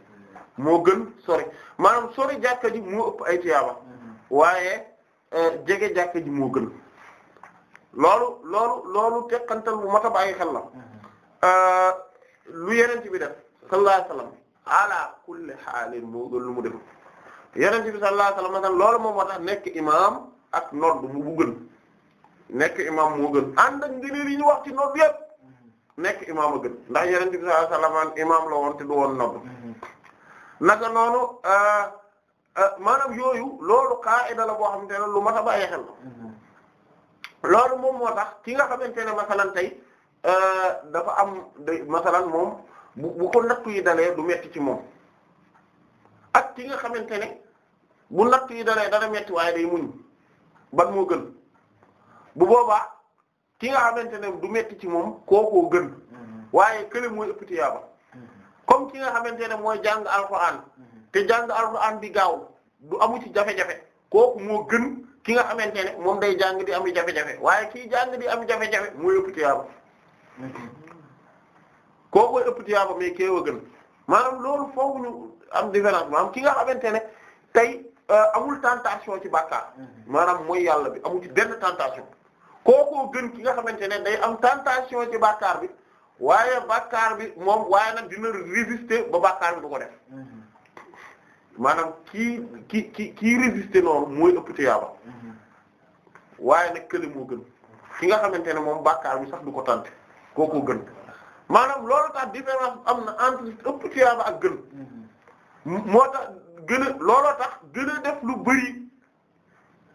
moo gën sori maanaam sori jàkka ji moo ëpp ay tiyaaba hmm. waaye euh, jege jàkka ji moo gën loolu loolu loolu teqantal bu mat a bàyyi xel la hmm. euh, lu yenente bi def sallallahu alayhi wasallam ala kulli xaalin lu mu def yenente bi sallallahu alayhi wasallam loolu moom moo nekk imaam ak nodd mu bu gën nekk imam moo gën ànd ak ngëneel yi ñu wax ci nodd yépp nekk imam a gën ndax yeneen bi sallallahu alayhi wasallam la woon te du woon nodd naka noonu euh, euh, maanaam yooyu loolu qaida la boo xamante ne lu mat a loolu moom moo tax ki nga xamante ne masalan tey euh, dafa am day masalan moom bu bu ko nattu yi du metti ci moom ak ki nga xamante ne bu nattu yi dalee dana metti waaye day muñ ban moo gën bu boobaa ki nga xamante ne du metti ci moom kookoo gën mm-hmm. waaye kële mooy ëpp tiyaaba mm-hmm. comme ki nga xamante ne mooy jàng alxuraan mm-hmm. te jàng alxuraan di gaaw du amu ci jafe-jafe kooku moo gën ki nga xamante ne moom day jàng di am jafe-jafe waaye kii jàng di am jafe-jafe mooy ëpp tiyaaba kooku ëpp tiyaaba mais kee wa gën maanaam loolu foofu ñu am différence maanaam ki nga xamante ne tey euh, amul tentation ci bàkkaar maanaam mooy yàlla bi amul ci benn tentation kookoo gën ki nga xamante ne day am tentation ci bàkkaar bi waaye bàkkaar bi moom waaye nag dina résister ba bàkkaar bi du ko def mm-hmm. maanaam kii kii kii résister noonu mooy ëpp tiyaaba mm-hmm. waaye nag kële moo gën ki nga xamante ne moom bàkkaar bi sax du ko tante kookoo gën maanaam loolu tax différence am na entre ëpp tiyaaba ak gën mm-hmm. moo tax gën a looloo tax gën a def lu bari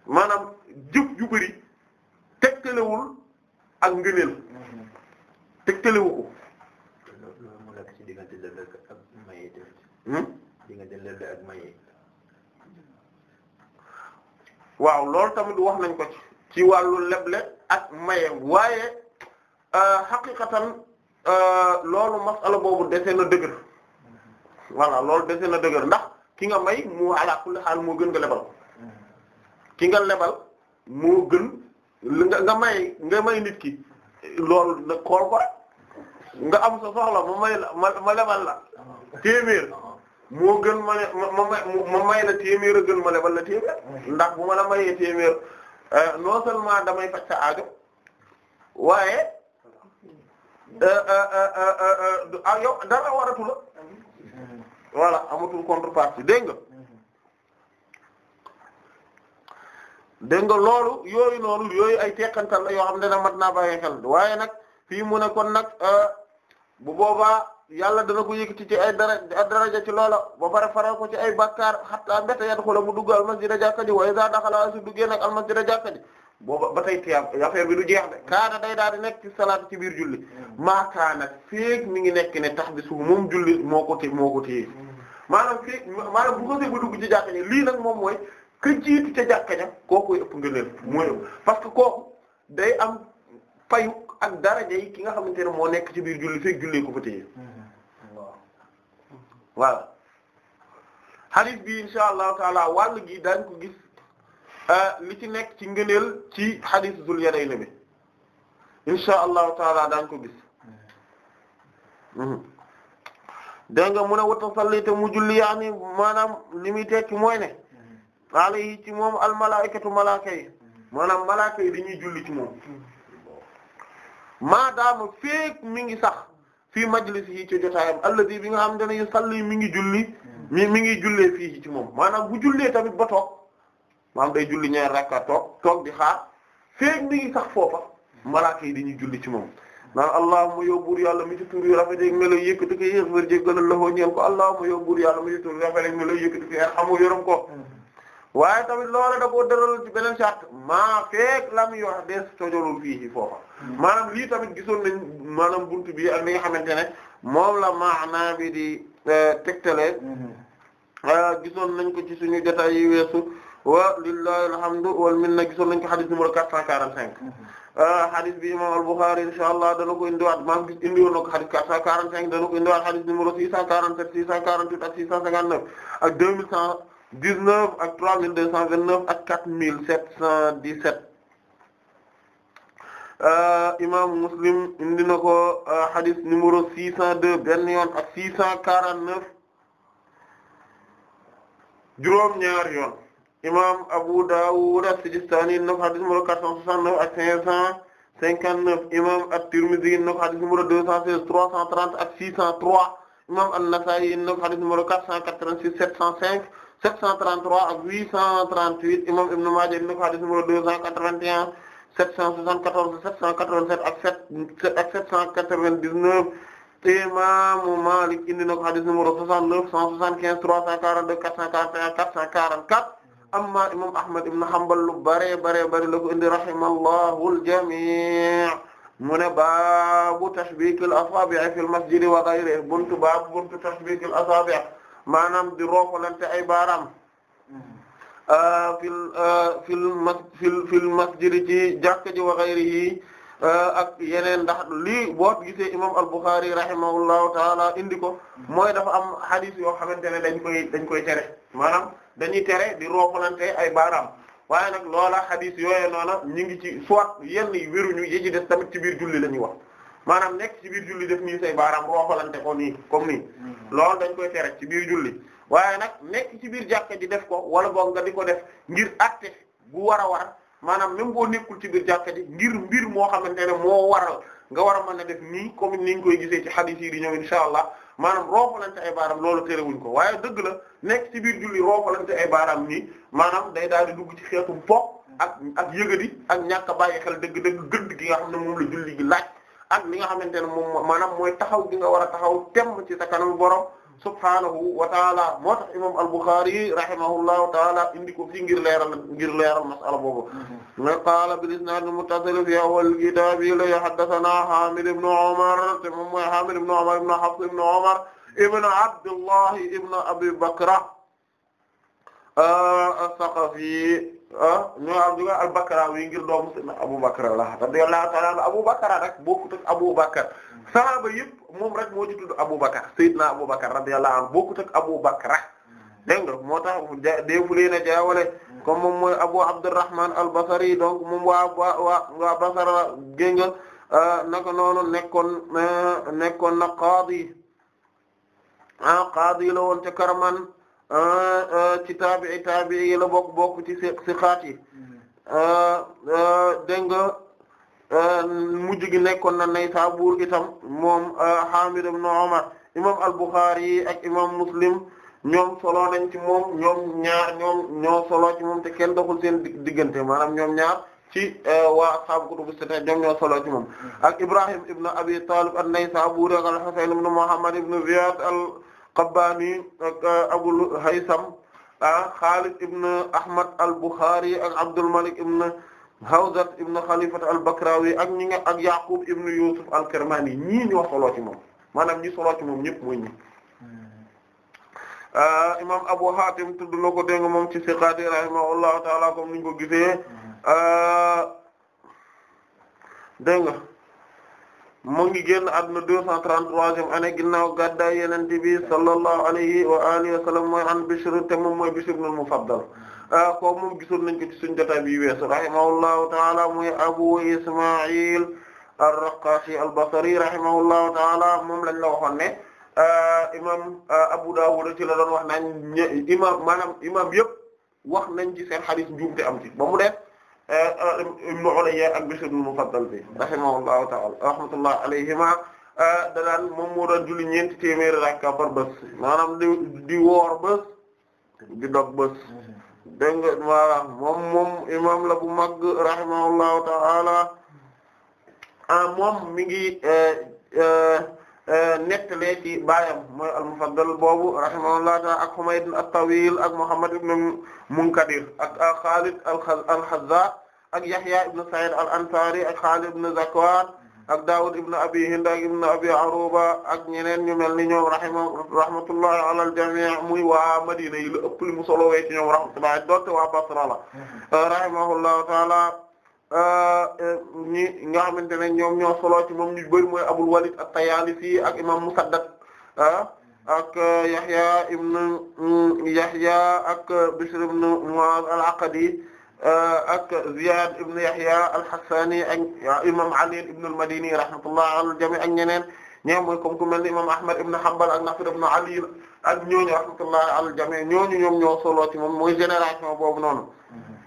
maanaam jëf ju bari tegtalewul ak ngëneel tegtalewu ko. mu nekk ci diggante lële ak maye tamit. diggante lële ak maye. waaw loolu tamit wax nañ ko ci ci wàllu leble ak maye waaye euh, xaqiqatan euh, loolu masala boobu de dese na dëgër voilà loolu dese na dëgër ndax ki nga may mu ala kulli xaal moo gën nga lebal hmm. ki nga lebal moo gën nga may nga may nit ki nga am soxla ma may la ma lebal la téeméer moo gën ma ne ma ma ma may la téeméer a gën ma lebal la téeméer ndax bu ma la mayee téeméer euh, non seulement damay faj sa aajo waaye euh, euh, ah, yow dara waratu la voilà amatul contrepartie dégg dégg nga loolu yooyu noonu yooyu ay teqantal la yoo xam ne nag mat naa bàyyi xel waaye nag fii mu ne nag euh, bu boobaa yàlla dana ko yëkkati ci ay dara daraja ci loola ba pare faral ko ci ay bakkaar xataa mbéta yat xula mu dugg almasjida jàkka ji wa iza daxala su duggee nag almasjida jàkka ji booba ba tey tiyaab affaire bi du jeex de kaana day daal di nekk ci ci biir julli mm. maakaana feek mi ngi nekk ne tax bi su moom julli moo ko té moo ko téye mm. maanaam feek maanaam bu ko see dugg ci jàkka lii nag moom mooy ka jiitu ca jàkka ja kooku ëpp nga leen mooy parce que kooku day am fayu ak daraja ki nga xamante ne moo nekk ci biir julli fekk jullee ko fa téye voilà hadith bi insha allahu taala wàll gi daañ gis euh, li ci nekk ci ngëneel ci hadith Zul Yadayni bi insha allahu taala daañ ko gis mhm. dégg nga mu ne wata salli te mu julli yaani maanaam li muy tekki mooy yi ci moom al malaikatu malaaka yi maanaam malaaka yi dañuy julli ci moom maadaama feek mi ngi sax fii majlis yi ci jotaayam alladhi bi nga xam ne yu salli mi ngi julli mi mi ngi jullee fii ci moom maanaam bu jullee tamit ba toog maanaam day julli ñaar rakka toog toog di xaar feek mi ngi sax foofa malaaka yi dañuy julli ci moom naan allahumma yow buur yàlla mi ci tur yu rafet ak melo yëkkati ko yéex wër yu rafet ak melo yëkkati ko waaye tamit loola da koo dëral ci beneen sart maa feek lam yoo xam des tojolul fii foofa hmm. maanaam lii tamit gisoon nañ maa buntu bi ak li nga xamante ne moom la maanaa bi di eh, tegtale hmm. eh, gisoon nañ ko ci suñu jotaay weesu wa lillahi alhamdu wal gisoon nañ ko xadis numéro quatre quarante cinq hmm. eh, xadis bi imam al-Bukhari inshallah dana ko indiwaat maam gis indiwoon na ko xadis 445 dana ko indiwaat xadis numéro 647 dix-neuf ak trois mille deux cent vingt-neuf ak quatre mille sept cent dix-sept euh, imaamu Muslim indi na euh, hadith numéro six cent deux benn yoon ak six cent quarante-neuf juróom ñaar yoon imam Abu Dawud as-Sijistani indi na ko hadith numéro quatre cent soixante-neuf ak cinq cent cinquante-neuf imam at-Tirmidhi indi deux cent seize trois cent trente ak six cent trois imam an-Nasa'i indi quatre cent quatre-vingt-six sept cent cinq 733 ak 838 imam Ibn Maaja indi ko hadith numéro 281 774 787 ak 7 ak 799 imaamu Maalik indi na ko hadith numéro 69 175 342 441 444 amma imam Ahmad ibn Hanbal lu bare bare bare la ko indi rahimallahu al-jamii' mu ne baabu tashbiikil asaabi' fil masjidi wa ghayrihi buntu baabu buntu tashbiikil asaabi' maanaam di roofalante ay baaraam hmm. ah, fil ah, fil mas fil fil masjid ci jàkka ji wa ghayrihi ah, ak yeneen ndax lii boo gisee imam al-Bukhari rahimahullahu taala indi ko hmm. mooy dafa am hadith yoo xamante ne dañ koy dañ koy tere maanaam dañuy tere di roofalante ay baaraam waaye nag loola hadith yooyu noona ñu ngi ci soit yenn yi wéruñu yi ci des tamit ci biir julli la ñuy maanaam nekk ci biir julli def nii say baaraam rooxalante ko nii comme nii hmm. loolu dañ koy tere ci biir julli waaye nag nekk ci biir jàkka ji def ko wala boog nga di ko def ngir acte bu war a war maanaam même boo nekkul ci biir jàkka ji ngir mbir moo xamante ne moo waral nga war a mën a def nii comme ni ñu koy gisee ci hadith yi di ñëw insha allah maanaam rooxalante ay baaraam loolu terewuñ ko waaye dëgg la nekk ci biir julli rooxalante ay baaraam nii maanaam day daal di dugg ci xeetu bopp ak ak yëgadi ak ñàkk a dëgg-dëgg gëdd gi nga xam ne moom la julli gi laaj ak li nga xamante ne moom maanaam mooy taxaw gi nga war a taxaw temm ci sa kanam borom subhaanahu wa taala moo tax imam al-Bukhari rahimahullahu taala indi ko fii ngir leeral ngir leeral masala boobu ma mm-hmm. qaala bil isnaad al-muttasil fi awwal kitaab la haddathana Hamid ibn Umar te moom mooy Hamid ibn Umar ibn Hafs ibn Umar ibn Abdullah ibn Abi Bakra uh, as-Saqafi ah ñoo am ñu Abu Bakr la radiyallahu ta'ala Abu Bakr rek Abu Bakr sahaaba yëpp moom rek moo ci tudd Abu Bakr Seydina Abu Bakr radiyallahu anhu bokkut ak Abu Bakr dégg moo tax ja deefu leen a jaawale comme moom mooy Abu Abdurrahman al-Basri ah, naka noonu nekkoon ah, nekkoon na qaadi ah qaadi la woon ca Euh, euh, ci taabi'i taabi'i yi la bokk bokk ci siqaat yi mm-hmm. euh, dégg nga mujj gi nekkoon na buur itam moom Haamid ibn Umar imam al-Bukhari ak imam Muslim ñoom solo nañ ci moom ñoom ñaar ñoom ñoo solo ci moom te kenn doxul seen diggante maanaam ñoom ñaar ci waa ashaabu kutubu sitta ñoom ñoo solo ci moom mm-hmm. ak Ibrahim ibn Abi Talib an-Naysaabuuri ak al-Husayn ibn Muhammad ibn Ziyad Qabbani ak uh, Abul Haysam ah Khalid ibn Ahmad al-Bukhari ak Abdul Malik ibn Hawzat ibn Khalifat al-Bakrawi ak ñi ak Yaqub ibn Yusuf al-Kirmani ñii ñoo solo ci moom maanaam ñi solo ci moom mu mooy ñi. Ah, imam Abu Hatim tudd na ko dégg nga moom ci siqaati rahimahullahu ta'ala comme niñ ko gisee mm-hmm. ah, dégg nga. mu ngi génn àdduna 233e année ginnaaw gàddaay Yonent bi sallallahu alayhi wa alihi wa sallam mooy an Bishr te moom mooy Bishr ibn al-Mufaddal ah, ko moom gisoon nañ ko ci suñu jotaay bi weesu rahimahullahu ta'ala mooy Abu Isma'il ar-Raqashi al-Basri rahimahullahu ta'ala moom lañ la waxoon ne ah, imam ah, Abu Dawud ci la doon wax nañ imam maanaam imam yëpp wax nañ ci seen hadith njuumte am ci ba mu def Eh, ibnu Ulayya ak Bishr ibn Mufaddal bi rahimahullahu ta'ala rahmatullah alayhima eh, da daan moom moo doon julli ñeenti téeméeri rakka par bés maanaam di di woor bés di dog bés dégg nga voilà moom moom imam la bu mag rahimahullahu ta'ala ah, moom mi ngi eh, Eh, nettalee ci baayam mooy al-Mufaddal boobu rahimahullahu ta'ala ak Humayd at-Tawil ak Muhammad ibn Munkadir ak Khalid al-Khazza ak Yahya ibn Sa'id al-Ansari ak Khalid ibn Zakwan ak Dawud ibn Abi Hind ak ibn Abi Aruba ak ñeneen ñu mel ni ñoom rahima rahmatullahi ala al-jami' muy waa Madina yi lu mu solo wee waa Basra la mm-hmm. eh, rahimahullahu ta'ala Euh, euh, ñi nga xamante ne ñoom ñoo solo ci moom ñu bëri mooy Abul Walid at-Tayalisi ak imam Musaddad ah, ak euh, Yahya ibn mm, Yahya ak Bishr ibn Mu'adh al ak Ziyad ibn Yahya al-Hassani ak ah, imam Ali ibn al-Madini rahmatullah ala jami ak ñeneen ñoom mooy comme ku mel ni imam Ahmad ibn Hanbal ak Nafir ibn Ali ak ñooñu rahmatullah ala al-jami' ñooñu ñoom ñoo solo ci moom mooy génération boobu noonu mm-hmm.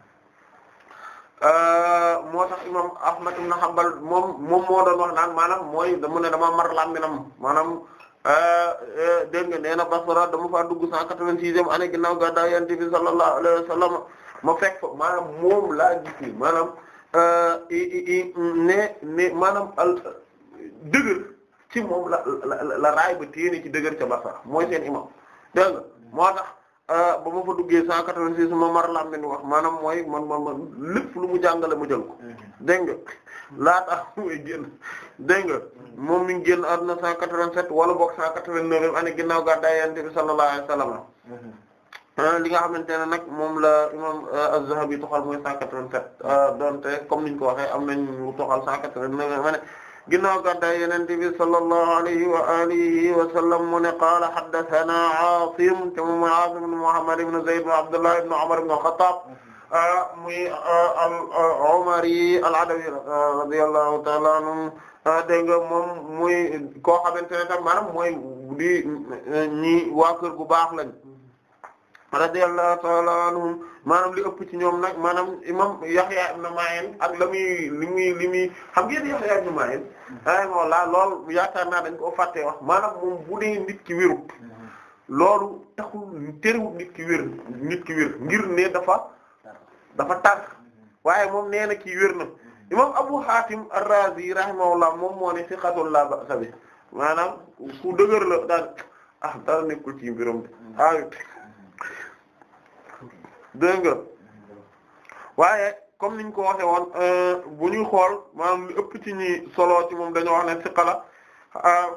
Euh, moo tax imam Ahmad ibn Hanbal moom moo doon wax naan maanaam mooy damu ne dama mar làmminam maanaam euh, euh, dégg nga nee na Basra dama fa dugg cent quatre-vingt-sixième année ginnaaw gàddaay Yonent bi sallallahu alayhi wa sallam ma fekk fa maanaam moom laa gis ni maanaam ne ne maanaam al dëgër ci moom la la la raay ba téene ci dëgër ca Basra mooy seen imam dégg moo tax Ah, ba ma fa duggee cent quatre-vingt-six ma mar la am wax maanaam mooy man man man lépp lu mu jàngale mu jël ko mm-hmm. dégg nga laata muy génn dégg nga mm-hmm. moom mi ngi génn àdduna cent quatre-vingt-sept wala boog cent quatre-vingt-neuf année ginnaaw gàddaay Yonent bi sallallahu alayhi wasallam mm-hmm. ah, li nga xamante ne nag moom la imam ah, Az-Zahabi toxal mooy cent quatre-vingt-sept donte comme ñu ko waxee am na mu toxal cent quatre-vingt-neuf année ginnaaw gàddaay Yonent bi sallallahu alayhi wa alihi wa sallam mu ne qaala haddathanaa Aasim te moom Aasim ibn Muhammad ibn Zayd ibn Abdullah ibn Umar ibn al-Khattab ah, muy ah, al-Umari ah, al-Adawi radiyallahu ta'ala anhu dégg nga moom muy koo xamante ne tam maanaam mooy di ñi waa kër gu baax lañ radiyallahu ta'ala anhum maanaam li ëpp ci ñoom nag maanaam imam Yahya na Ma'in ak la muy li muy li muy xam ngeen Yahya ibn Ma'in rahimahullah loolu yaakaar naa dañ koo fàttee wax maanaam moom bu ni nit ki wérut loolu taxul terewul nit ki wir ngir ne dafa dafa tànk waaye moom nee na kii wér na imam Abu Hatim ar-Razi rahimahullah moom moo ne siqatul la ba'sa bi maanaam ku dëgër daal ah dara nekkul ci mbiram ayut ah, dégg nga comme niñ ko waxe woon euh, bu ñuy xool maanaam lu ëpp ci solo ci moom daño wax ne siqa la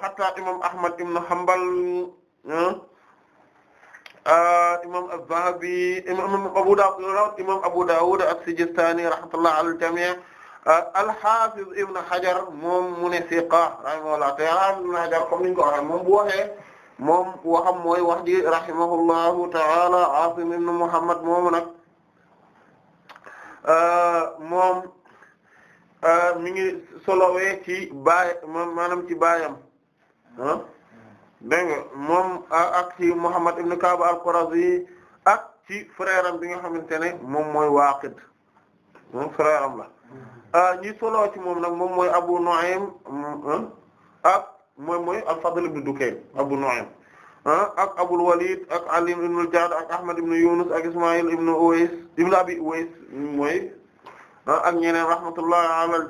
hatta imam Ahmad ibn Hanbal imam Az-Zahabi imam Abu Dawud imam Abu Dawud as-Sijistani rahmatullah al-jami' al-Hafiz Ibn Hajar moom mu ne siqa rahimahullah ta'ala Ibn Hajar comme niñ waxe moom bu waxee moom waxam mooy wax ji rahimahullahu ta'ala Asim ibn Muhammad moomu nag euh, moom euh, mi ngi solowee ci baay maanaam ci baayam ah dégg nga moom euh, ak ci Muhammad ibn Ka'b al-Qurazi ak ci frère am bi nga xamante ne moom mooy Waaqid moom frère am la ñi soloo ci moom nag moom mooy Abu Nu'aym mm, ah, ak moom mooy al-Fadl du Dukayn Abu Nu'aym ah, ak Abul Walid ak Ali ibn al-Jad ak Ahmad ibn Yunus ak Ismaïl ibn Uways ibn Abi Uways mooy ah, ak ñeneen rahmatullah ala al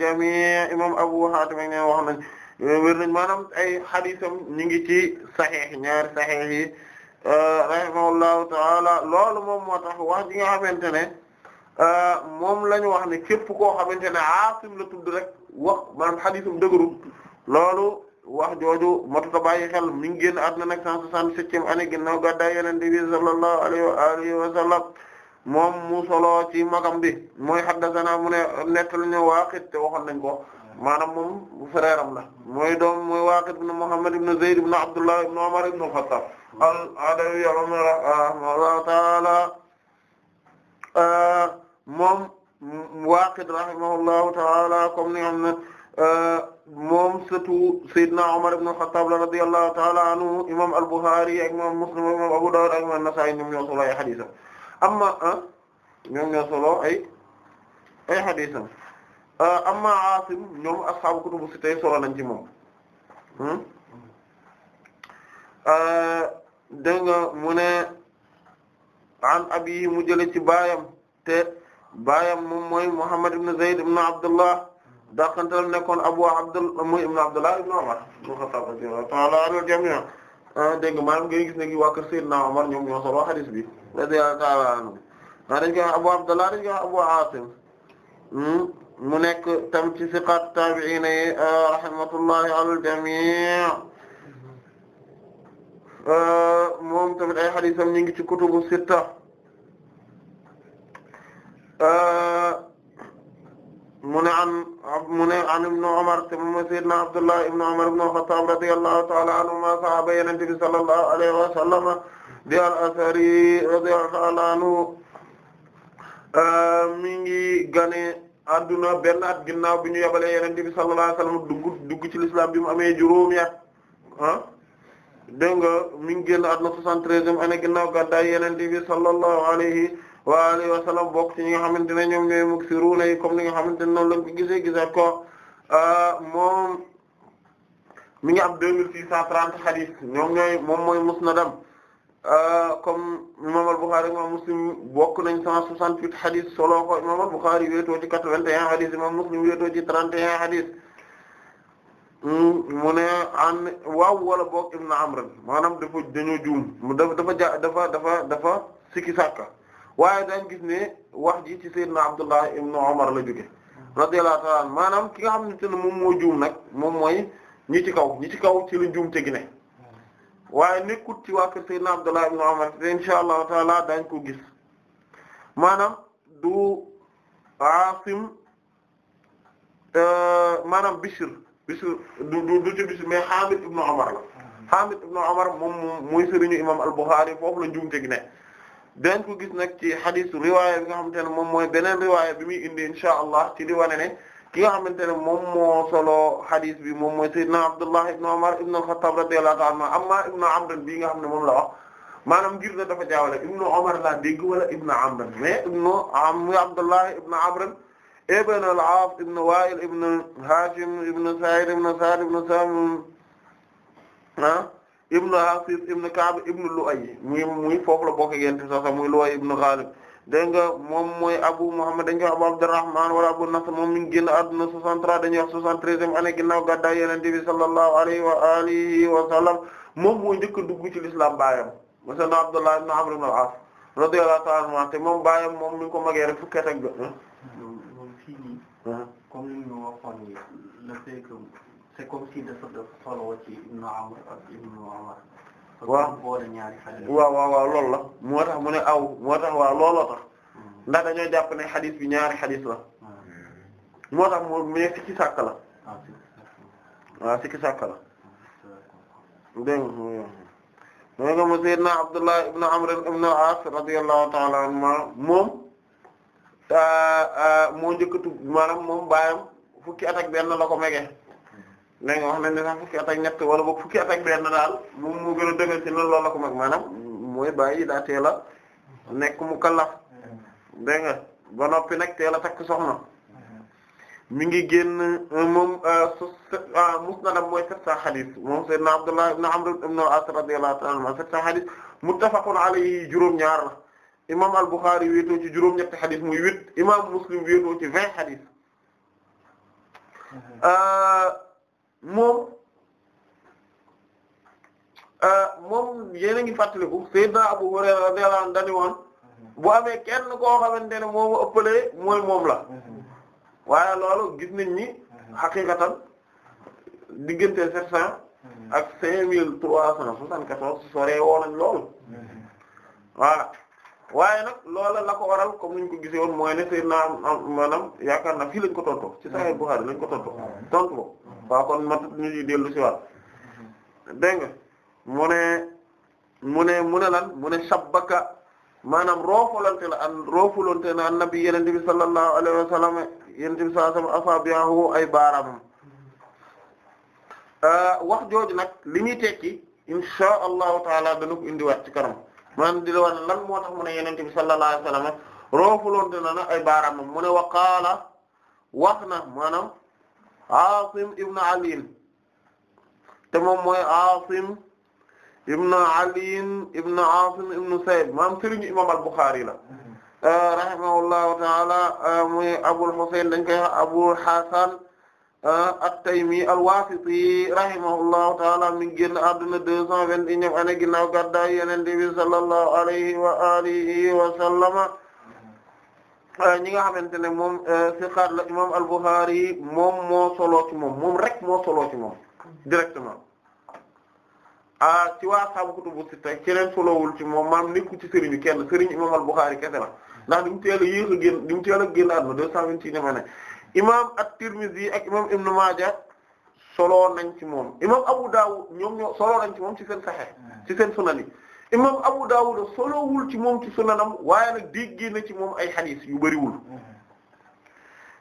imam Abu Hatim ak ñeneen wax nañ wér nañ ay xadisam ñu ngi ci saxiix ñaari saxiix yi ah, rahimahullahu taala loolu moom moo wax ji nga xamante ne moom lañu wax ne képp koo xamante ne Aasim la tudd rek wax maanaam xadisam dëgërul loolu wax jooju matu ta bàyyi xel mi ngi génn àdduna nag cent soixante-septième année ginnaaw gàddaay Yonent bi sallallahu alayhi wa alihi moom mu solo ci magam bi mooy haddathana mu ne nettal ñu Waaqid te waxoon nañ ko maanaam moom frère la mooy doom mooy Waaqid ibn Muhammad ibn Zayd ibn Abdullah ibn Umar ibn al moom Waaqid rahimahullahu ta'ala comme ni am na moom surtout Seydina Omar ibn Khattab radiyallahu ta'ala anhu imam al-Bukhari ak imam Muslim ak imam Abu Dawud ak imam Nasa'i ñoom ñoo solo ay xadisam amma ah, ñoom ñoo solo ay ay xadisam ah, amma Asim ñoom ashaabu kutubu sitta solo nañ ci moom hmm? ah, dégg nga mu an abi mu jële ci baayam te baayam moom mooy Muhammad ibn Zayd ibn Abdullah daqantal nekkoon Abu Abdullah muy ibn Abdullah ibn Umar ibn Khattab radiyallahu ta'ala anhu jami'an ah, dégg nga maanaam ngay gis ne waa kër Seydina Umar ñoom ñoo solo hadis bi radiyallahu ta'ala anhu maa ah, dañ koy wax Abu Abdullah dañ koy wax Abu Asim hmm, mu nekk tam ci siqat tabi'in yi ah, rahmatullahi ala al-jami' moom tamit ay hadisam ñu ngi ci kutubu sitta mune ne an mu ne an ibn Umar te moom sayyidna Abdullah ibn Umar ibn al-Khattab radiyallahu ta'ala anhuma sahaba Yonent bi sallallahu alayhi wa di al-Asari radiyallahu ta'ala anhu euh, mi ngi gane adduna benn at ginnaaw bi ñu yebalee Yonent bi sallallahu alayhi dugg dugg ci l'islam bi mu amee juróomi at ah dégg nga mi ngi génn adduna 73e année ginnaaw gàddaay Yonent bi sallallahu alayhi wa alihi wa bokk ci ñi nga xamante ne ñoom ñooy muksiruna yi comme ni nga xam ne noonu lañ ko gisee gisaat ko ah, moom mi ngi am deux mille six cent trente hadith ñooy moom mooy musnadam ah, comme imam al-Bukhari imam Muslim bokk nañ cent soixante-huit hadith solo ko imam al-Bukhari wéetoo ci quatre-vingt-un hadith imam Muslim hmm, mu ne waaw wala boog ibn Amr maanaam dafa dañoo juum mu dafa dafa dafa dafa dafa sikki sàkka waaye dañ gis ne wax ji ci sayyidina Abdullah ibn Umar la jóge radiyallahu ta'ala anhu maanaam ki nga xamante ne moom moo juum nag moom mooy ñi ci kaw ñi ci kaw ci la juum te gi ne waaye nekkut ci waa kër sayyidina Abdullah ibn Umar te insha allahu taala dañ ko gis maanaam du Asim euh, maanaam Bishr Bishr du du ci Bishr mais Hamid ibn Umar la Hamid ibn Umar moom mooy sëriñu imam al-Bukhari foofu la juum te gi dañ ko gis nag ci hadith riwaaya bi nga xamante ne moom mooy beneen riwaaya bi muy indi insha allah ci di wane ne ki nga xamante ne moom moo solo hadith bi moom mooy sayyidina Abdullah ibn Umar ibn al-Khattab radiyallahu anhu amma ibn Amr bi nga xam ne moom la wax maanaam ngir na dafa jaawale ibn Umar la dégg wala ibn Amr mais ibn Abdullah ibn Amr ibn al-As ibn Wa'il ibn Hashim ibn Sa'id ibn Sa'd ibn Sam ah ibnu Hafiz ibnu Ka'b ibnu Lu'ay muy muy foofu la bokk yonent bi sallallahu alayhi wasallam muy Ghalib dégg nga moom mooy Abu Muhammad dañuy wax Abu Abdurrahman wala Abu Nasr moom mi ngi génn àdduna 63 dañuy wax 73e année ginnaaw gàddaay yonent bi sallallahu alayhi wa alihi moom mooy njëkk a dugg ci l'islam baayam Abdullah ibn Amr ibn al-As radiyallahu ta'ala anhu moom baayam moom mi ko magee rek fukki at c'est comme si dafa la moo tax mu ne aw moo tax waaw looloo tax hmm. ndax dañoo jàpp ne xadis bi ñaari xadis la hmm. moo tax mu mais sikki sàkk la ah, waaw sikki sàkk la hmm. dégg nga nga mu sayyidna Abdullah ibn Amr ibn al-As radiyallahu moom moo njëkk a tuub maanaam moom baayam fukki at benn la ko mege léegi wax nañ ne sax fukki at ñett wala boog fukki at ak benn daal moom gën a dëgër ci loolu la ko mag maanaam mooy bàyyi daa teel nekk mu kallaf dégg ba noppi nag teel a takk soxna mi ngi génn euh, moom euh, euh, musnadam mooy sept cents hadith moom sayyidna Abdullah ibn Amr ibn al-As radiyallahu ta'ala anhu sept cents hadith muttafaqun alayhi juróom-ñaar la imam al-Bukhari wéetoo ci juróom-ñetti hadith muy Muslim wéetoo vingt hadith mm-hmm. moom euh, moom yéen a ngi fàttaliku Seydina Abu Hurayra radiyallahu anhu dañu woon bu amee kenn koo xamante ne moomu ëppalee mooy moom la waaye loolu gis nañ ni xaqiqatan diggante sept cent ak cinq mille trois cent soixante-quatorze sore woo nañ loolu voilà waaye nag loola la ko waral comme niñ ko gise woon mooy ne am maanaam yaakaar naa fii lañ ko tontoo ci Sahih Bukhari lañ ko tontoo tontu ba kon matut ñu ci dellu si waat mm-hmm. dégg nga mu ne mu ne mu ne lan mu ne sabbaka maanaam roofulante annabi yenente bi sallallahu alayhi wa sallam yenente bi sallallahu alayhi wa sallam asabiahu ay baaraamam euh, wax jooju nag li ñuy tekki insha allahu taala dana ko indiwaat ci kanam maanaam di la wax lan moo tax mu ne yenente bi sallallahu alayhi wa sallam roofulante na ay baaraamam mu ne wa qaala wax na maanaam Aasim ibn Ali te moom mooy Aasim ibn Ali ibn Aasim ibn Sayd maam sëriñu imaam al-Bukhari la mm-hmm. rahimahullahu ta'ala muy Abul Husayn dañ koy wax Abu Hasan ah, at-Taymi al-Wasiti rahimahullahu ta'ala mi ngi génn àdduna deux cent vingt et un ane ginnaaw gàddaay Yonent bi sallallahu alayhi wa alihi wa sallama Euh, ñi nga xamante ne moom euh, siqaat la imam al-Bukhari moom moo soloo ci moom moom rek moo soloo ci moom directement ah ci waa xaabu kutubu sitta ci leen solowul ci moom maam nikk ci sëriñ bi kenn sëriñ imam al-Bukhari kese la ndax di mu teel a yéex a génn di mu de a génn àdduna deux cent ne ma ne imam at-Tirmidhi ak imam Ibn Maaja soloo nañ ci moom imam Abu Dawud ñoom ñoo soloo nañ ci moom ci seen Sahih ci seen Sunan imam Abu Dawud solowul ci moom ci sunanam waaye nag dégg na ci moom ay xadis yu bëriwul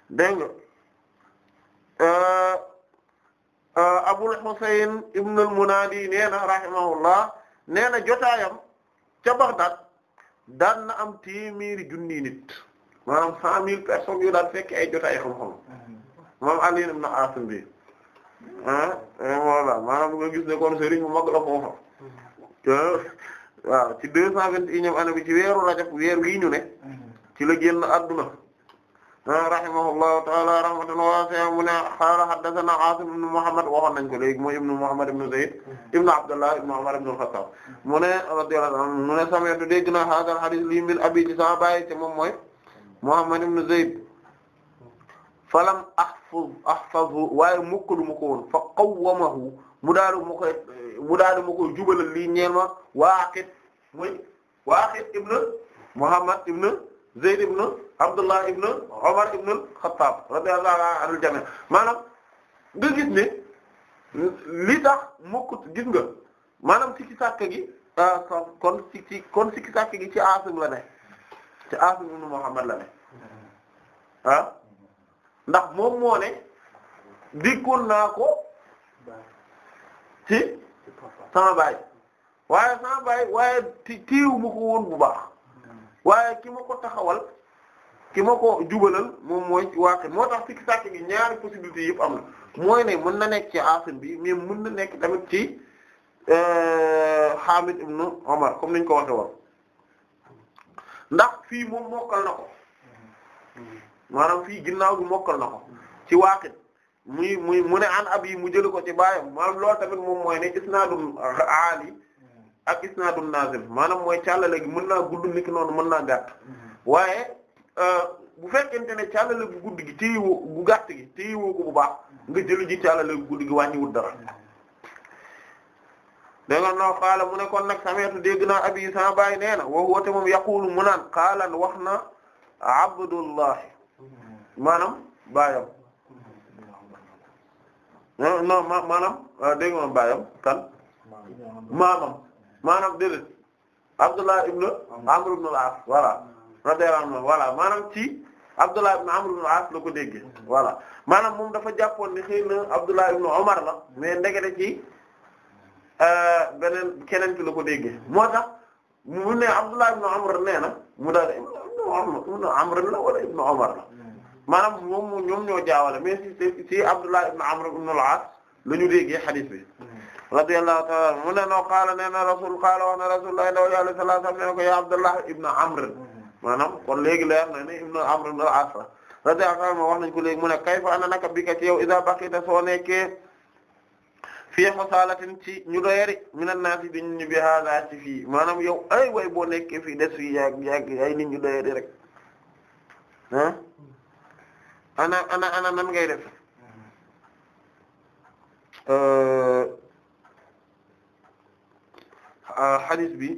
dégg nga euh, euh, Abul Husayn ibn al-Munadi na rahimahullah nee jotaayam ca Baghdad daan na am téeméeri junni nit maanaam cent mille personnes yu daan fekk ay jotaay xam-xam moom Ali ibn Asim bi ah eh, voilà gis ne kon sëriñ bu mag foofa mm-hmm. waaw ci deux cent vingt et unième année bi ci weeru rajab weer wii ñu ne ci la génn adduna rahimahullahu taala rahmatan wasi'a mu ne xaala haddathana Asim ibn Muhammad waxoon nañ ko léegi mooy ibn Muhammad ibn Zayd ibn Abdullah ibn Umar ibn al-Khattab mu ne radiyallahu anhu mu ne sami'tu dégg naa hadha al-hadith lii min abi ci sama baay te moom mooy Muhammad ibn Zayd falam ah ahfaz ahfazu waaye mokkalu ma ko woon fa qawwamahu mu daadu ma koy mu lii ñeel ma Waaqid muy Waaqid ibn Muhammad ibn Zayd ibn Abdullah ibn Umar ibn al-Khattab radiyallahu anil jami' maanaam nga gis ne li tax mokkut gis nga maanaam sikki ah, sàkk gi ci kon Aasim la ne ci Aasim ibn Muhammad la ne ah? ndax moom moo ne dikkoon naa ko ci sama baay waaye sama baay waaye ti tiiw ko woon bu baax waaye ki ma ko taxawal ki ma ko jubalal moom mooy waaqi moo tax sikki sàkk gi ñaari possibilités yëpp am na mooy ne mën na nekk ci asim bi mais mën na nekk tamit ci euh, Hamid ibn Omar comme niñ ko waxe woon ndax fii moom mokkal na ko maanaam fii ginnaaw gi mokkal na ko ci waaqit muy muy mu ne an ab mu jëli ko ci baayam maanaam loolu tamit moom mooy ne isnaadul aali ak isnaadul nazil maanaam mooy càllale gi mën naa gudd niki noonu mën naa gàtt mm-hmm. waaye euh, bu fekkente ne càllale gu gudd gi téyi woo gu gàtt gi téyi woo ko bu baax nga jëli ji càllale gu gudd gi wàññiwul dara mm-hmm. da nga noo xaala mu ne kon nag sameetu dégg naa abi sama baay nee na wa huwa te moom yaqulu mu naan xaalan wax na abdullahi maanaam baayam non non maanaam euh, dégg kan maamam maanaam déedéet Abdullah ibn Amr ibn al-As voilà radiyallahu anhu voilà maanaam ci Abdullah ibn Amr ibn al-As la ko déggee voilà maanaam moom dafa jàppoon ni xëy na Abdullah ibn Omar la mais ndegete ci euh, beneen keneen ki la ko déggee moo tax mu ne Abdullah ibn Amr nee na mu daal ibn Amr la wala ibn Omar la maanaam moom ñoom ñoo jaawale mais si si Abdullah ibn Amr ibn al-As la ñu déggee hadith bi hmm. radiyallahu ta'ala mu ne noo qaala nee na rasul qaala wax na rasulullah sallallahu alayhi wasallam nee na ko ya Abdullah ibn Amr hmm. maanaam kon léegi leer na ne ibn Amr ibn al-As radiyallahu ta'ala wax nañ ko léegi mu ne kayfa ana naka bika ci yow iza baqita soo nekkee fii ci ñu doyari minan naasi di ñu bi hada ci maanaam yow ay way boo nekkee fii des fii yaag yaag ay nit ñu rek ana ana ana ngay def xadis euh, bi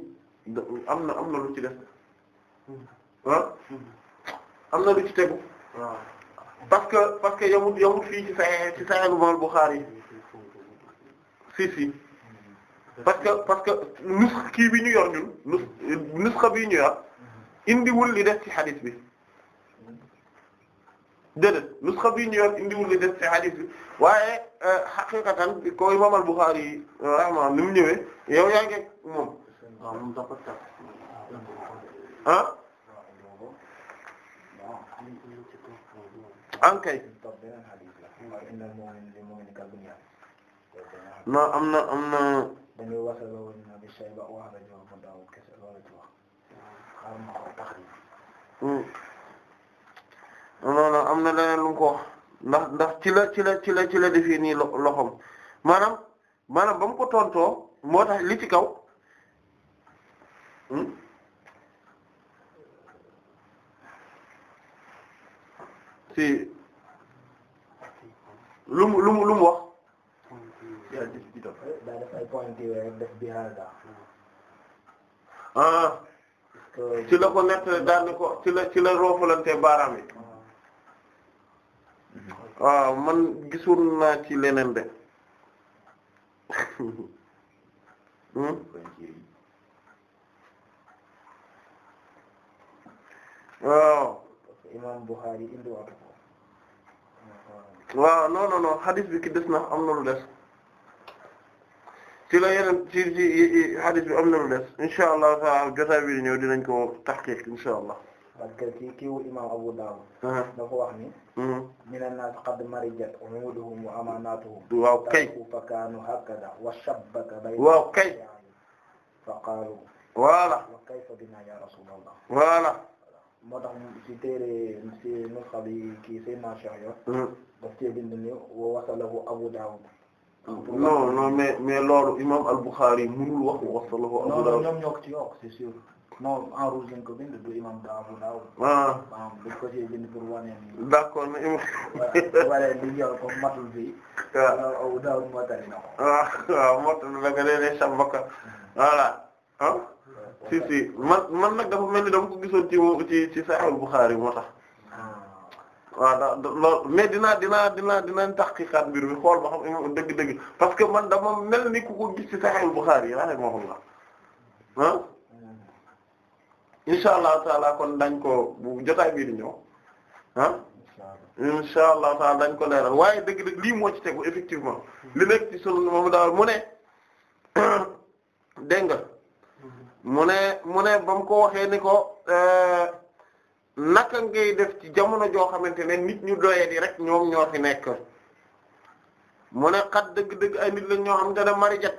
am na am ci def ah hmm. am na lu ci ah. parce que parce que yamut yamut fii ci Sahih ci Sahih al-Bukhari hmm. si si parce que parce que nusx kii bi ñu yor ñun nusx nusxa bi ñu yor hmm. indiwul li def ci xadis bi déedéet nusxa bii ñu yor indiwul li des ci hadith bi waaye euh, xaqiqatan ko imam al-Bukhari yi rahimahullah ni mu ñëwee yow yaa ngi moom ah ankay non am na am na hmm. non am na leneen lu ko ndax ndax ci la ci la ci la ci la defee nii loxoom maanaam maanaam ba mu ko tontoo moo tax li ci kaw hmm? si lu mu lu mu lu mu wax. Ah. ci la ko nekk daal ni ko ci la ci la roofalante baaraam yi. waaw man gisul naa ci leneen de hmm? waaw imam Bukhari indi waat waaw non non non hadith bi ki na am na lu des ci la yeneen ci i hadith bi am na lu des insha allah taala jotaay bi di ñëw dinañ ko taxqiq insha allah parce que ci kiiwu imam Abu Dawud uh-huh. dafa wax ni uh-huh. min an-nas qad marijat umuduhum wa amanatuhum waaw kay fa kaanu hakada wa shabbaka bayna waaw kay fa qaalu voilà wa kayfa bina ya rasulallah voilà moo tax ci téere ci nusxa bi kii say mancheh yo daf cee bind ni wa wasalahu Abu Dawud non non mais mais loolu imam al-Bukhari mënul wax wasalahu Abu Dawud ñoom ñoo ko ci yokk c'est sûr non en ko bind ah dañ ko cee bind pour wane ni. d'accord mais imam. voilà li yor ah waaw motul nag léeg-léeg sàmmka ah. ah mm. si man man nag dafa mel ni dama ko gisoon ci ci ci Sahih Bukhari moo tax. Ah. waaw da loolu mais dinaa dinaa dinaa dinañ taxqiqaat mbir mi xool ba xam eh, dëgg-dëgg parce que man dama mel ni ku gis ci Sahih Bukhari rahimahullah ah. insha allahu taala kon dañ ko bu jotaay bii di ñëw ah taala dañ ko leeral waaye dëgg dëgg lii moo ci tegu effectivement li nekk ci sunu moom daal mu ne dégg nga mu ne mu ne ba mu ko waxee ni ko eh, naka ngay def ci jamono joo xamante ne nit ñu doyee di rek ñoom ñoo fi nekk mu ne xat dëgg-dëgg ay nit la ñoo xam te mari marajat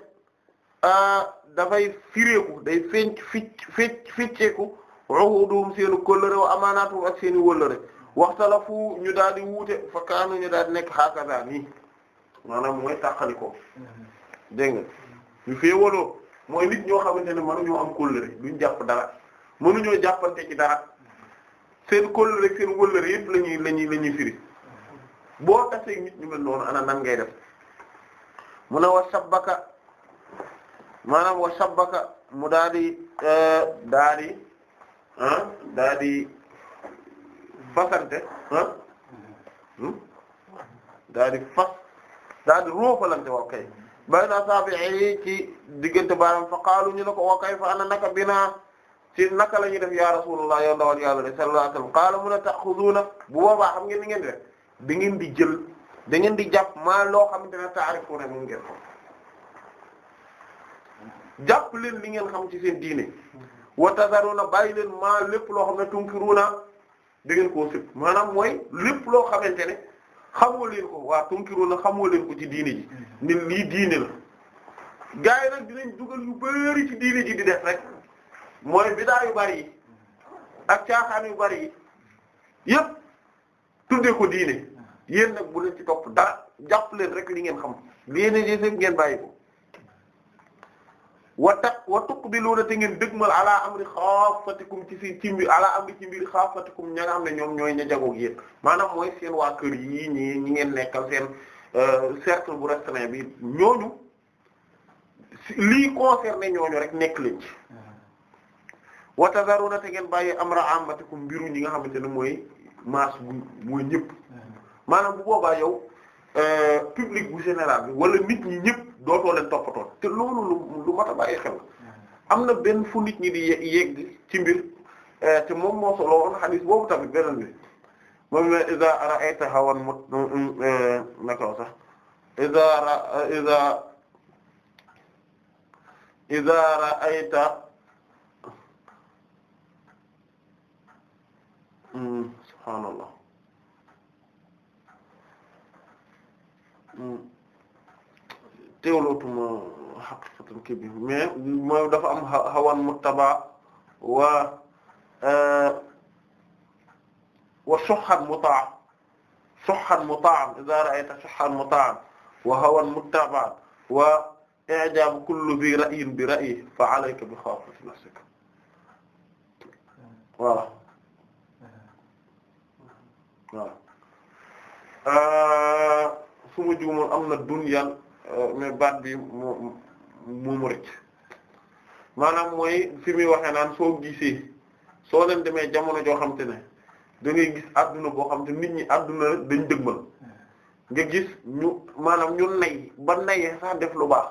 Ah, dafay firéeku day feeñ ficc ficc ficceeku uhuduhum seenu kóllëre wa amaanaatuhum ak seeni wóllëre waxtalafu ñu daal di wuute fa kaanu ñu daal di nekk hakaza ni maanaam mu tàqalikoo dégg nga ñu féewaloo mooy nit ñoo xamante ne mënuñoo am kóllëre duñ jàpp dara mënuñoo jàppante ci dara seen kóllëre seen wóllëre yëpp la ñuy la ñuy firi boo tasee nit ñu mel noonu ana nan def mu ne wa sabbaka maanaam wa shabbaka mu daal di euh, daal di ah daal di fasante ah daal di fas daal di roofalante waaw kay bayna sabi'i ci diggante baram fa qaalu ñu ne ko wa kayfa ana naka bina ci naka la ñuy def ya rasulullah yow ndawal yàlla sallallahu alayhi wasallam qaala mun a ta'khuduna bu boobaa xam ngeen ni ngeen di def da ngeen di jël da ngeen di jàpp maa loo xamante ne taarifuna mu ngeen ko jàpp leen li ngeen xam ci seen diine wa tazaruna bàyyi leen maa lépp loo xam ne tunkiruna da ngeen koo sib maanaam mooy lépp loo xamante ne xamoo leen ko waa tunkiruna xamoo leen ko ci diine ji ni lii diine la gaa yi nag dinañ dugal yu bari ci diine ji di def rek mooy bidaa yu bari yi ak caaxaan yu bari yi yépp tuddee ko diine yéen nag bu leen ci topp dara jàpp leen rek li ngeen xam li ngeen di ngeen bàyyi ko wa taq wa tuqbiluuna te ngeen dëgmal ala amri xaafatikum ci si ci mbir ala amri ci mbir xaafatikum ña nga xam ne ñoom ñooy ña jagoog yéen maanaam mooy seen waa kër yii ñi ñi ngeen nekkal seen euh, cercle bu restreint bi ñooñu lii concerné ñooñu rek nekk lañ ci wa tazaruuna te ngeen bàyyi am amra amatikum mbiru ñi nga xamante ne mooy masse bu mooy ñëpp mm-hmm. maanaam bu boobaa yow euh, public bu général bi wala nit ñi ñëpp. dootoo leen toppatoo te loolu lu lu mat a bàyyi am na benn fu nit ñi di yegg ci eh, te moom moo solo woon xadis boobu tamit beneen bi moom ne ra'ayta hawan mut mm, eh, nakaw sax iza iza iza ra'ayta mm, subhaanallah mm. teewlootuma xaqiqatan kii bi mais mooy dafa am xawan muttaba wa euh, wa soxan mutaa soxan mutaa iza ra'ayta soxan mutaa wa hawan muttaba wa i'jab kullu bi ra'yin bi ra'yi fa alayka bi khafati nafsika voilà voilà euh, su ma juumul am na dunyan Euh, mais baat bi moo moomu rëcc maanaam mooy fi muy waxee naan soo gisee soo leen demee jamono joo xam te ne da gis àdduna boo xam te nit ñi àdduna dañ dëgmal nga gis ñu maanaam ñu nay ba nayee sax def lu baax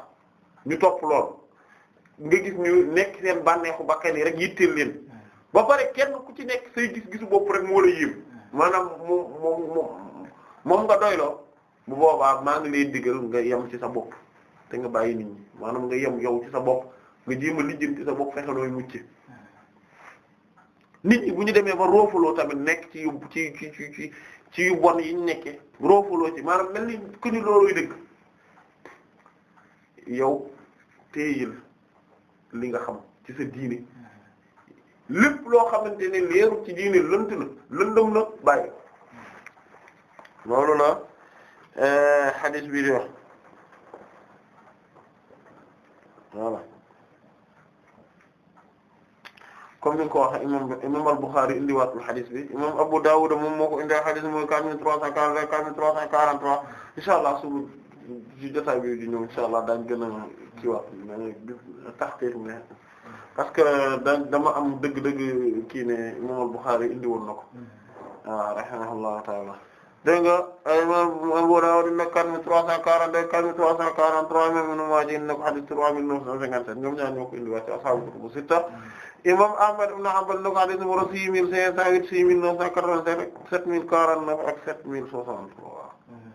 ñu topp lool nga gis ñu nekk seen bànneexu bakkan yi rek yitteel leen ba pare kenn ku ci nekk say gis-gisu bopp rek moo la yéem maanaam moom moom nga doyloo bu boobaa maa ngi lay digal nga yem ci sa bopp te nga bàyyi nit ñi maanaam nga yem yow ci sa bopp nga jéem a lijjën ci sa bopp fexe nooy mucc nit ñi bu ñu demee ba roofaloo tamit nekk ci yu ci ci bon yi ñu nekkee roofaloo ci maanaam mel ni ku ñu looluy dëgg yow téyil li nga xam ci sa diine lépp loo xamante ne leeru ci diine lënt na lëndëm na bàyyi loolu la xadis bi di wax voilà comme ni nga ko waxee imam imam al-Bukhari indiwaat na xadis bi imam Abu Dawud moom moo ko indi xadis mooy quatre mille trois cent quarante quatre mille trois cent quarante trois incha allah suñu jotaay bi di ñëw incha allah daañu gën a kiiwaat taxqiq bi parce que daan dama am dëgg-dëgg kii ne imam al-Bukhari indi woon na ko mm-hmm. waaw rahimahullahu ta'ala dégg nga imam Abu Dawud inna ko 4342 4343 imam Ibn Maaja inna ko hadith 3957 ñoom ñaar ñoo ko indi waa ci ashaabu kutubu sitta mm-hmm. imam Ahmad ibn Hanbal inna ko hadith numéro 6508 6987 7049 ak 7063 mm-hmm.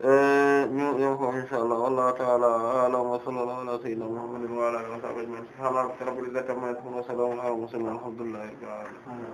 euh, ñu ñoo ko insha Allah wallahu ta'ala a'lam wa sallallahu ala sayyidina Muhammadin wa ala alihi wa sahbihi ajma'in subhana rabbika rabbil izzati amma yasifun wa salamun ala al mursalin walhamdulillahi rabbil alamin